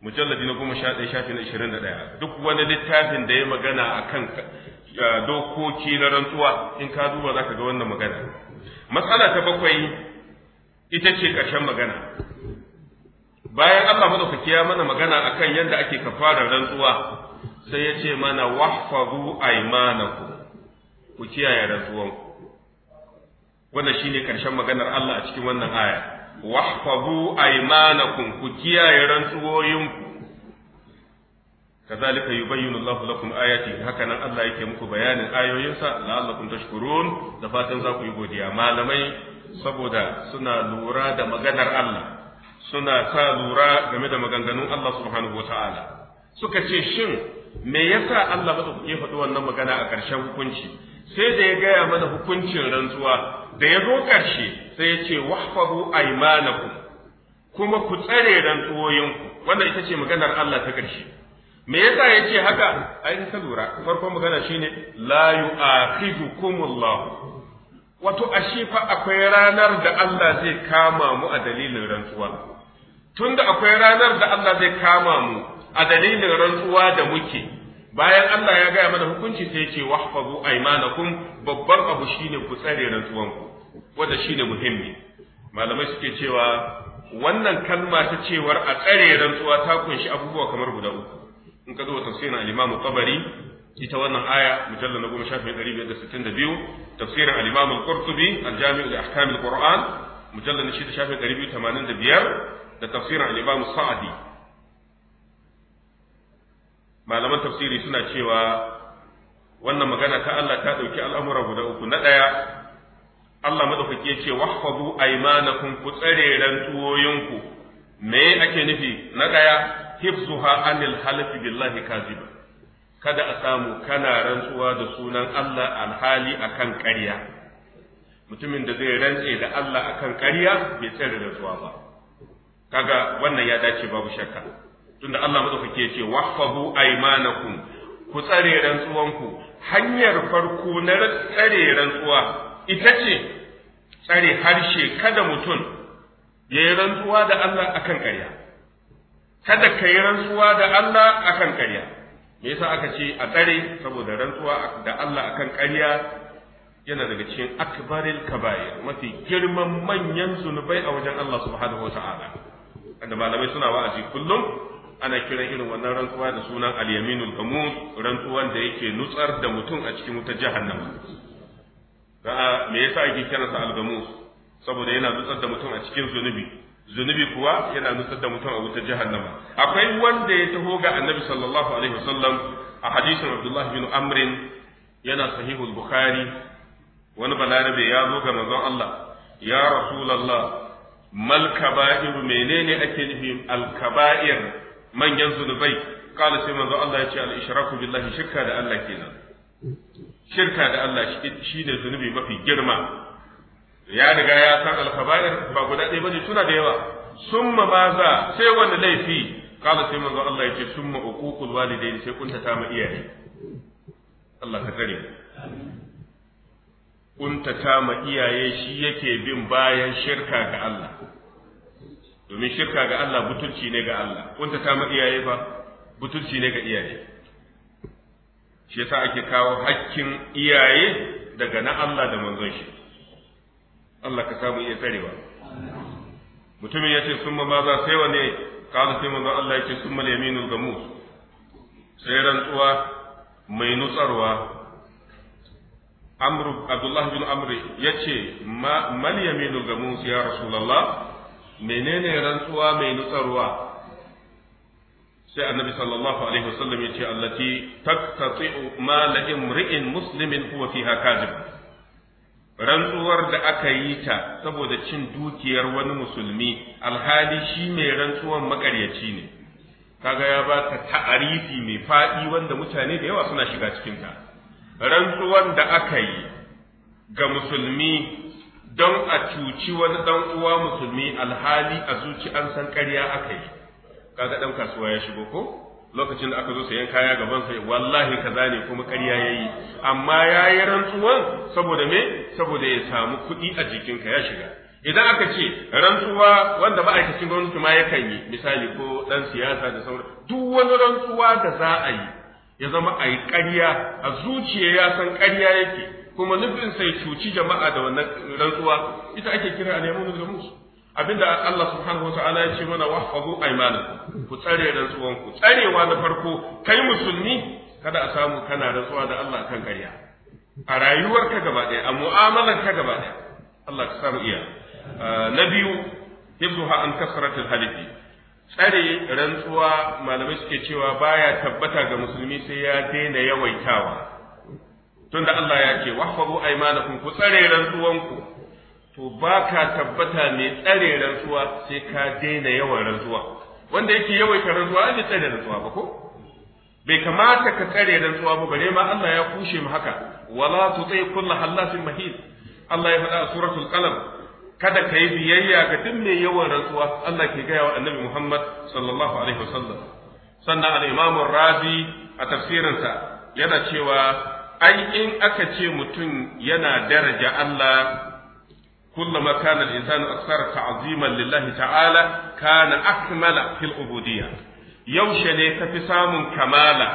mujalladi na goma sha ɗaya shafi na ishirin da ɗaya duk wani littafin da ya magana a kan eh, dokoki na rantsuwa in ka duba za ka ga wannan magana matsala ta bakwai ita ce ƙarshen magana bayan Allah madaukaki ya mana magana a kan yadda ake kafarar rantsuwa sai ya ce mana wahfazu aimanaku, ku kiyaye rantsuwanku wannan shine ƙarshen maganar Allah a cikin wannan aya wahfazu aymanakum ku kiyaye rantsuwoyinku kazalika yubayyinu Allahu lakum ayati haka nan Allah yake muku bayanin ayoyinsa la'allakum tashkurun da fatan za ku yi godiya malamai saboda suna lura da maganar Allah suna sa lura game da maganganun Allah subhanahu wata'ala suka ce shin me yasa Allah ba ke faɗi wannan magana a ƙarshen hukunci sai da ya gaya mana hukuncin rantsuwa da ya zo ƙarshe sai ya ce wahfazu aimanaku kuma ku tsare rantsuwoyinku wannan ita ce maganar Allah ta ƙarshe me yasa ya ce haka ai ka lura farkon magana shine la yu'akhidukumullahu wato ashe fa akwai ranar da Allah zai kama mu a dalilin rantsuwa tunda akwai ranar da Allah zai kama mu a dalilin rantsuwa da muke bayan Allah ya gaya mana hukunci sai ce wahfazu aymanakum babban abu shine ku tsare rantsuwanku wanda shine muhimmi malamai suke cewa wannan kalma ta cewar a tsare rantsuwa ta kunshi abubuwa kamar guda uku in ka zo wa tafsirin al-Imam ita wannan aya mujalla na goma shafin ɗari biyar da sittin da biyu tafsirin al-Imam Al-Qurtubi al-Jami'u al-Qur'an mujalla na shida shafin ɗari biyu tamanin da biyar da tafsirin al Sa'adi malaman tafsiri suna cewa wannan magana ta Allah ta ɗauki al'amura guda uku na ɗaya Allah madaukaki ya ce wahfazu aymanakum ku tsare tuwoyinku me ake nufi na daya hifzuha anil halafi billahi kaziba kada a samu kana rantsuwa da sunan Allah alhali akan ƙarya mutumin da zai rantse da Allah akan ƙarya bai tsare rantsuwa ba kaga wannan ya dace babu shakka tunda Allah madaukaki ya ce wahfazu aymanakum ku tsare rantsuwanku hanyar farko na tsare rantsuwa ita ce tsare harshe kada mutum ya yi rantsuwa da Allah a kan ƙarya kada ka yi rantsuwa da Allah a kan karya me yasa aka ce a tsare saboda rantsuwa da Allah a kan karya yana daga cikin akbaril kaba'ir mafi girman manyan zunubai a wajen Allah subhanahu ta'ala da malamai suna wa'azi kullum ana kiran irin wannan rantsuwa da sunan al-yaminul gamus rantsuwan da yake nutsar da mutum a cikin wutar jahannama me yasa ake sa algamus saboda yana nutsar da mutum a cikin zunubi zunubi kuwa yana nutsar da mutum a wutar jahannama akwai wanda ya taho ga annabi sallallahu alaihi wasallam a hadisin abdullah bin amrin yana sahihul bukhari wani balarabe ya zo ga manzon Allah ya rasulullah mal kaba'ir menene ake nufi al kaba'ir manyan zunubai kala sai manzon Allah ya ce al ishraku billahi shirka da Allah kenan shirka da Allah shi ne zunubi mafi girma ya riga ya san alkabair ba guda ɗaya bane suna da yawa summa za sai wanda laifi kala sai manzo Allah ya ce summa uququl walidain sai kunta ta ma iyaye Allah ka kare kunta ta ma iyaye shi yake bin bayan shirka ga Allah domin shirka ga Allah butulci ne ga Allah kunta ta ma iyaye ba butulci ne ga iyaye shi yasa ake kawo hakkin iyaye daga na Allah da manzon shi Allah ka samu iya tsarewa mutumin ya ce sun ma za sai wane kala sai manzon Allah ya ce sun ma yaminul gamus sai rantsuwa mai nutsarwa amru abdullah bin amri ya ce mal yaminul gamus ya rasulullah menene rantsuwa mai nutsarwa sai annabi sallallahu alaihi wasallam yace allati ma la imri'in muslimin huwa fiha kadhib rantsuwar da aka yi ta saboda cin dukiyar wani musulmi alhali shi mai rantsuwar makaryaci ne kaga ya ba ta ta'arifi mai fadi wanda mutane da yawa suna shiga cikin ta rantsuwan da aka yi ga musulmi don a cuci wani dan uwa musulmi alhali a zuci an san ƙarya aka yi kaga dan kasuwa ya shigo ko lokacin da aka zo sayan kaya gaban sai wallahi kaza ne kuma ƙarya yayi amma yayi rantsuwan saboda me saboda ya samu kuɗi a jikin ka ya shiga idan aka ce rantsuwa wanda ma'aikacin gwamnati ma yakan yi misali ko dan siyasa da sauran duk wani rantsuwa da za a yi ya zama a yi ƙarya a zuciya ya san ƙarya yake kuma nufin sai cuci jama'a da wannan rantsuwa ita ake kira a neman da musu abinda Allah subhanahu wa ta'ala ya ce mana wahfazu aymanakum ku tsare rantsuwan ku tsarewa na farko kai musulmi kada a samu kana rantsuwa da Allah kan ƙarya a ka gaba ɗaya a ka gaba ɗaya Allah ka samu iya ah, na biyu hibzuha an kasratil halifi tsare rantsuwa malamai suke cewa baya tabbata ga musulmi sai ya daina yawaitawa tunda Allah ya ce wahfazu aymanakum ku tsare rantsuwanku to ba ka tabbata mai tsare rantsuwa sai ka daina yawan rantsuwa wanda yake yawaita rantsuwa ne tsare rantsuwa ba ko bai kamata ka tsare rantsuwa ba bare ma Allah ya kushe mu haka wala tuti kullu hallasin mahid Allah ya faɗa a suratul qalam kada ka yi biyayya ga duk mai yawan rantsuwa Allah ke gaya wa annabi Muhammad sallallahu alaihi wasallam sannan al-Imam razi a tafsirinsa yana cewa ai in aka ce mutum yana daraja Allah كلما كان الإنسان أكثر تعظيما lillahi ta'ala, كان أكمل في العبودية yaushe ne ka fi samun kamala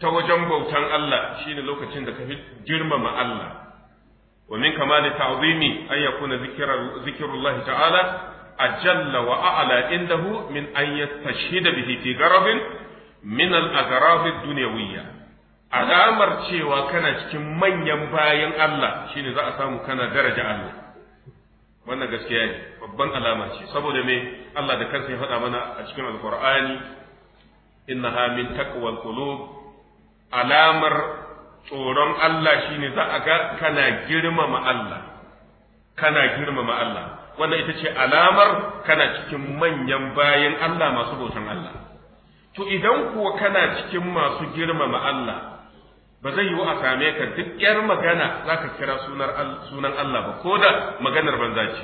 ta wajen bautan Allah shine lokacin da ka fi girmama Allah wa min kamali ta'zimi an yakuna zikrullahi ta'ala ajalla wa a'la indahu min an yastashhida bihi fi garabin min al-aghrab ad-dunyawiyya alamar cewa kana cikin manyan bayan Allah shine za a samu kana daraja Allah wannan gaskiya ne babban alama ce saboda me Allah da kansa ya faɗa mana a cikin alqur'ani ha min taqwal qulub alamar tsoron Allah shine za a ga kana girmama Allah kana girmama Allah wannan ita ce alamar kana cikin manyan bayan Allah masu bautan Allah to idan kuwa kana cikin masu girmama Allah ba zai yi wa a same ka duk yar magana za ka kira sunan Allah ba ko da maganar banza ce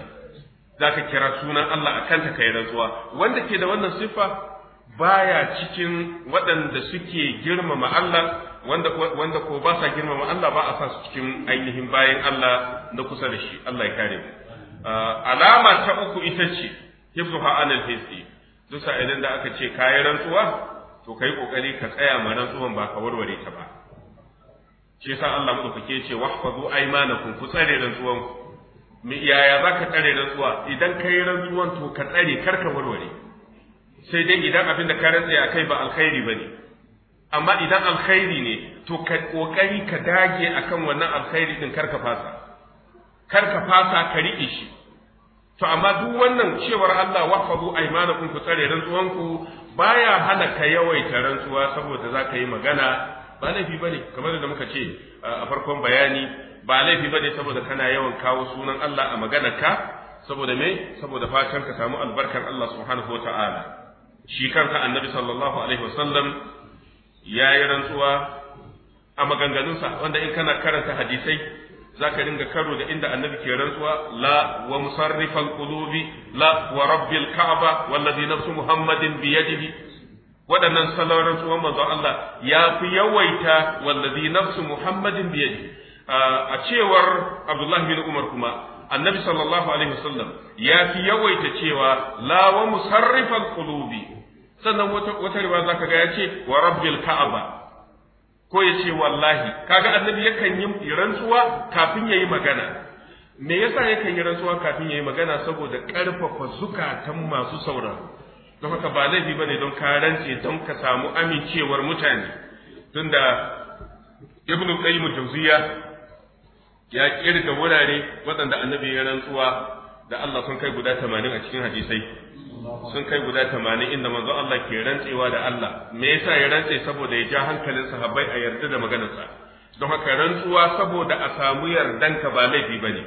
za ka kira sunan Allah a kanta ka yi rantsuwa wanda ke da wannan siffa baya cikin waɗanda suke girmama Allah wanda wanda ko ba sa girmama Allah ba a sa su cikin ainihin bayan Allah na kusa da shi Allah ya kare mu ah, alama ta uku ita ce hifzuha anil hissi duk idan da aka ce kayi rantsuwa to kai kokari ka tsaya ma rantsuwan ba ka warware ta ba shi yasa Allah madaukake ya ce wahfazu aymanakum ku tsare rantsuwanku mi yaya zaka tsare rantsuwa idan kai rantsuwan to ka tsare kar ka warware sai dai idan abin da ka rantsa kai ba alkhairi bane amma idan alkhairi ne to ka kokari ka dage akan wannan alkhairi din kar ka fasa kar ka fasa ka riƙe shi to amma duk wannan cewar Allah wahfazu aymanakum ku tsare rantsuwanku baya hana ka yawaita rantsuwa saboda zaka yi magana ba laifi ne kamar da muka ce a farkon bayani ba laifi bane saboda kana yawan kawo sunan Allah a maganarka saboda me saboda fatan ka samu albarkar Allah subhanahu wataala shi kanka annabi sallallahu alaihi wasallam yayi rantsuwa a maganganunsa wanda in kana karanta hadisai zaka dinga karo da inda annabi ke rantsuwa la wa musarrifal qulubi la wa rabbil ka'ba wallazi nafsu muhammadin biyadihi waɗannan salon tsohon manzon Allah ya fi yawaita wallazi nafsu Muhammadin biyadi a cewar Abdullah bin Umar kuma annabi sallallahu alaihi wasallam ya fi yawaita cewa la wa musarrifal qulubi sannan wata wata riwaya zaka ga yace, ce wa rabbil ka'aba ko ya ce wallahi kaga annabi yakan yi rantsuwa kafin yayi magana me yasa yakan yi rantsuwa kafin yayi magana saboda karfafa zukatan masu sauraro don haka ba laifi bane don ka rantse don ka samu amincewar mutane tunda ibnu qayyim jawziya ya kirga wurare waɗanda annabi ya rantsuwa da Allah sun kai guda 80 a cikin hadisai sun kai guda 80 inda manzo Allah ke rantsewa da Allah me yasa ya rantse saboda ya ja hankalin sahabbai a yarda da maganarsa don haka rantsuwa saboda a samu yardanka ba laifi bane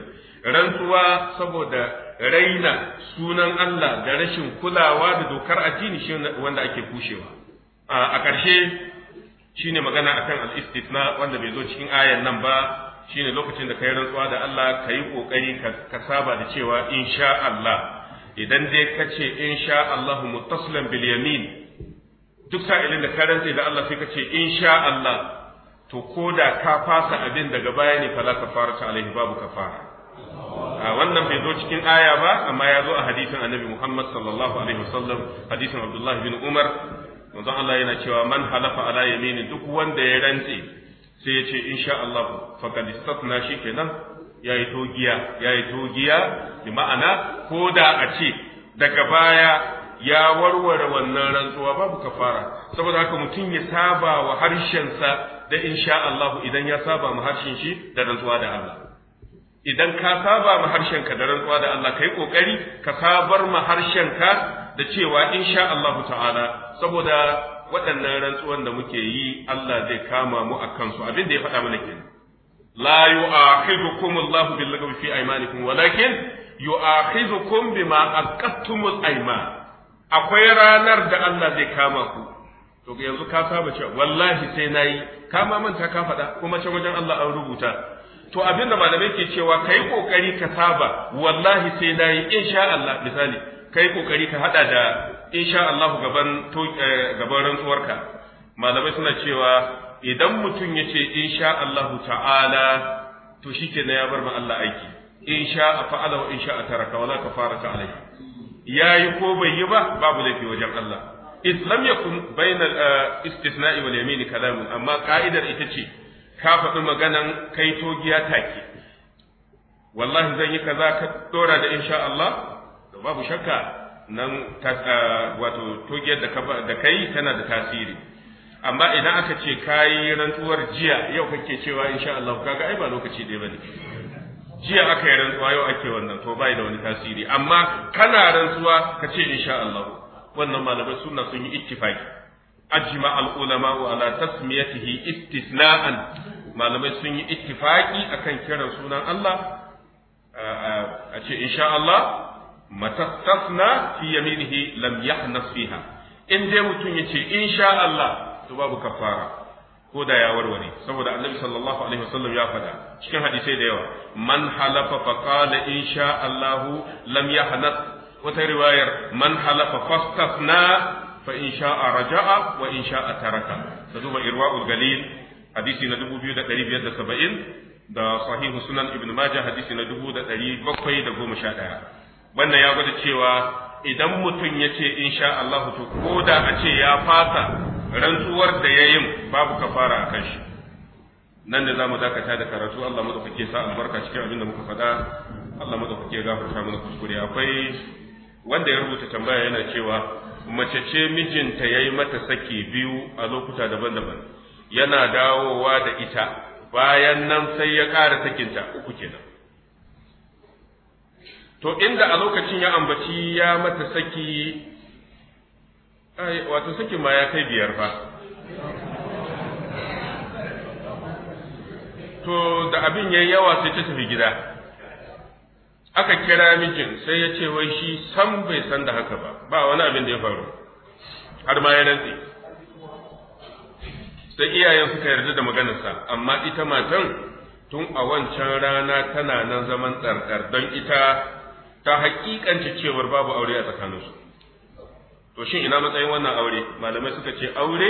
rantsuwa saboda raina sunan Allah da rashin kulawa da dokar addini shi wanda ake kushewa a ƙarshe shine magana akan kan na wanda bai zo cikin ayan nan ba shine lokacin da ka yi rantsuwa da Allah ka yi ƙoƙari ka saba da cewa sha Allah idan dai in sha Allah mu bil yamin duk sa'ilin da ka rantse da Allah sai kace sha Allah to ko da ka fasa abin daga baya ne fala kafarata alaihi babu ka fara. wannan bai zo cikin aya ba amma ya zo a hadisin annabi Muhammad sallallahu alaihi wasallam hadisin Abdullah bin Umar manzon Allah yana cewa man halafa ala yaminin duk wanda ya rantse sai ya ce insha Allah shi istatna shikenan yayi togiya yayi togiya bi ma'ana ko da a ce daga baya ya warware wannan rantsuwa babu kafara saboda haka mutum ya saba wa sa da insha Allah idan ya saba ma harshen shi da rantsuwa da Allah idan ka saba ma harshenka da rantsuwa da Allah kai kokari ka sabar ma harshenka da cewa insha Allah ta'ala saboda waɗannan rantsuwan da muke yi Allah zai kama mu a kansu abin da ya faɗa mana kenan la yu'akhidukum Allah bil lagwi fi aymanikum walakin yu'akhidukum bima aqattumul ayman akwai ranar da Allah zai kama ku to yanzu ka saba cewa wallahi sai nayi kama manta ka faɗa kuma can wajen Allah an rubuta to abin da malamai ke cewa kai kokari ka saba wallahi sai dai insha Allah misali kai kokari ka hada da insha Allah gaban eh, gaban rantsuwarka malamai suna cewa idan mutum ya ce insha Allah ta'ala to shikenan ya bar ma Allah aiki insha fa'ala wa insha taraka wala kafarata alayhi yayi ko bai yi ba babu laifi wajen Allah إذ لم يكن بين الاستثناء واليمين Amma أما ita ce. ka faɗi maganan kai togiya take wallahi zan yi kaza ka dora da insha Allah to babu shakka nan wato togiyar da kai tana da tasiri amma idan aka ce kayi rantsuwar jiya yau kake cewa insha Allah kaga ai ba lokaci dai bane jiya aka yi rantsuwa yau ake wannan to bai da wani tasiri amma kana rantsuwa ka ce insha Allah wannan malamai suna sun yi ittifaki ajma al ulama ala tasmiyatihi istisna'an malamai sun yi ittifaki akan kiran sunan Allah a ce insha Allah matastasna fi yaminihi lam yahnas fiha in dai mutum yace insha Allah to babu kafara ko da ya warware saboda annabi sallallahu alaihi wasallam ya faɗa cikin hadisai da yawa man halafa fa qala insha Allah lam yahnas wata riwayar man halafa fastasna fa in sha'a raja'a wa in sha'a taraka ka duba irwaul galil hadisi na 2570 da sahihu sunan ibn majah hadisi na 2711 wannan ya gwada cewa idan mutum ya ce in sha Allah to ko da a ce ya fasa rantsuwar da ya yin babu kafara a kan shi nan da za mu dakata da karatu Allah madaukake sa albarka cikin abin da muka faɗa Allah madaukake ya gafarta mana kuskure akwai wanda ya rubuta tambaya yana cewa mace ce mijinta ya yi mata saki biyu a lokuta daban-daban yana dawowa da ita bayan nan sai ya ƙara sakinta uku kenan to inda a lokacin ya ambaci ya mata saki wato saki ma ya kai biyar fa to da abin ya yawa sai ta tafi gida aka kira mijin sai ya ce wai shi san bai san da haka ba ba wani abin da ya faru har ma ya rantse sai iyayen suka yarda da maganarsa amma ita matan tun a wancan rana tana nan zaman tsarkar don ita ta hakikance cewar babu aure a tsakaninsu to shin ina matsayin wannan aure malamai suka ce aure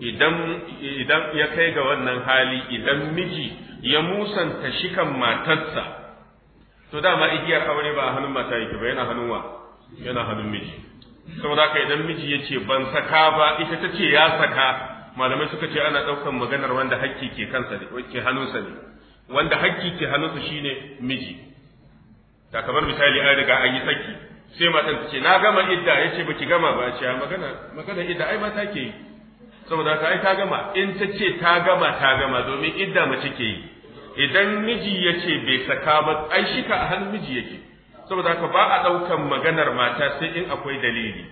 idan idan ya kai ga wannan hali idan miji ya musanta shikan matarsa to dama igiyar aure ba a hannun mata yake ba yana hannun wa yana hannun miji saboda haka idan miji ya ce ban saka ba ita ta ce ya saka malamai suka ce ana ɗaukan maganar wanda hakki ke kansa ne ke hannunsa ne wanda hakki ke hannunsa shine miji da kamar misali an riga an yi saki sai matan ta ce na gama idda ya ce baki gama ba ce magana magana idda ai mata ke yi saboda haka ai ta gama in ta ce ta gama ta gama domin idda mace ke yi idan miji ya ce bai saka ba ai ka a hannun miji yake saboda haka ba a ɗaukan maganar mata sai in akwai dalili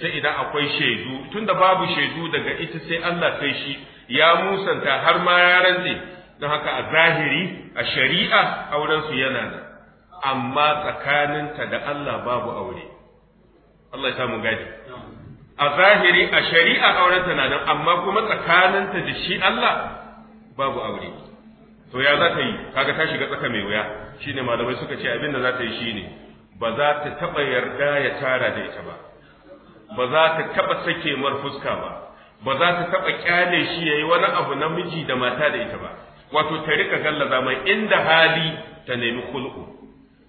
sai idan akwai shaidu tunda babu shaidu daga ita sai Allah sai shi ya musanta har ma ya rantse don haka a zahiri a shari'a aurensu yana nan amma tsakaninta da Allah babu aure Allah ya samu gadi a zahiri a shari'a aurenta na nan amma kuma tsakaninta da shi Allah babu aure to ya za ta yi kaga ta shiga tsaka mai wuya shine malamai suka ce abin da za ta yi shine ba za ta taba yarda ya tara da ita ba ba za ta taba sake mar fuska ba ba za ta taba kyale shi yayi wani abu namiji da mata da ita ba wato ta rika gallaza mai inda hali ta nemi kulku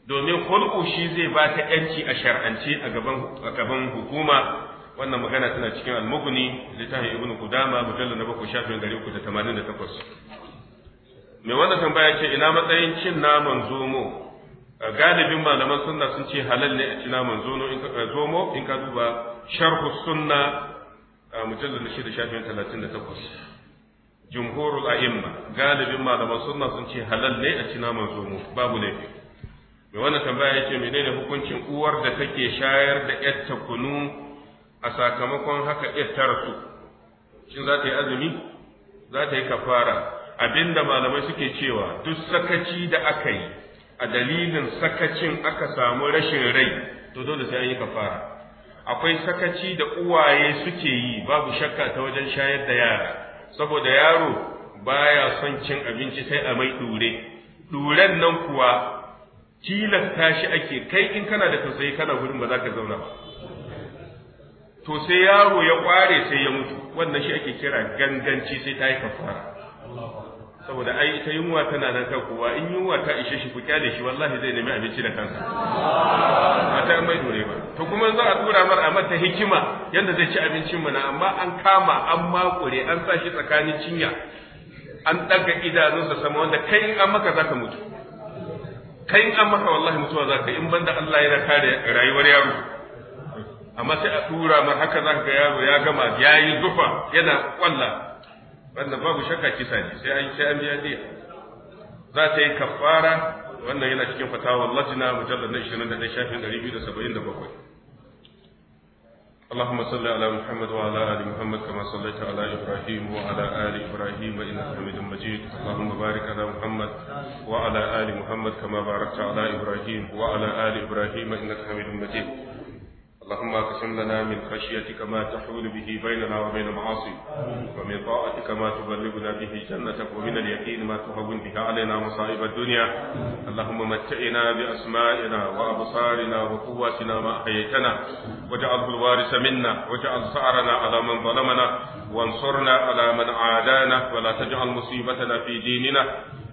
domin kulku shi zai ba ta yanci a shar'ance a gaban a gaban hukuma wannan magana tana cikin almuguni littafin ibnu qudama mujallal na 7 shafin 388 mai wannan tambaya ce ina matsayin cin naman zomo galibin malaman sunna sun ce halal ne a ci naman zomo in ka eh, duba sharhu sunna a na shida shafin talatin da takwas jumhurul a'imma galibin malaman sunna sun ce halal ne a ci naman zomo babu laifi mai wannan tambaya yake menene hukuncin uwar da take shayar da yatta kunu a sakamakon haka yatta rasu shin za ta yi azumi za ta yi kafara abinda malamai suke cewa duk sakaci da aka yi a dalilin sakacin aka samu rashin rai to dole sai an yi kafara akwai sakaci da uwaye suke yi babu shakka ta wajen shayar da yara saboda yaro baya son cin abinci sai a mai dure duren nan kuwa tilasta shi ake kai in kana da tausayi kana gudun ba za ka zauna ba to sai yaro ya kware sai ya mutu wannan shi ake kira ganganci sai ta yi kafara saboda ai ita yunwa tana nan kan kowa in yunwa ta ishe shi ku kyale shi wallahi zai nemi abinci da kansa a ta mai dore ba to kuma za a tura mar a mata hikima yanda zai ci abincin mu na amma an kama an makure an sa shi tsakanin cinya an daga sa sama wanda kai in an maka zaka mutu kai in an maka wallahi mutuwa zaka in banda Allah yana kare rayuwar yaro amma sai a tura mar haka zaka ga yaro ya gama yayi zufa yana kwalla wannan babu shakka kisa ne sai an sai an biya diya za ta yi kafara wannan yana cikin fatawa lajina mujallar na 21 shafin 277 اللهم صل على محمد وعلى ال محمد كما صليت على ابراهيم وعلى ال ابراهيم انك حميد مجيد اللهم بارك على محمد وعلى ال محمد كما باركت على ابراهيم وعلى ال ابراهيم انك حميد مجيد اللهم اقسم لنا من خشيتك ما تحول به بيننا وبين معاصيك ومن طاعتك ما تبلغنا به جنتك ومن اليقين ما تهون به علينا مصائب الدنيا اللهم متعنا باسمائنا وابصارنا وقواتنا ما احييتنا واجعله الوارث منا واجعل ثارنا على من ظلمنا وانصرنا على من عادانا ولا تجعل مصيبتنا في ديننا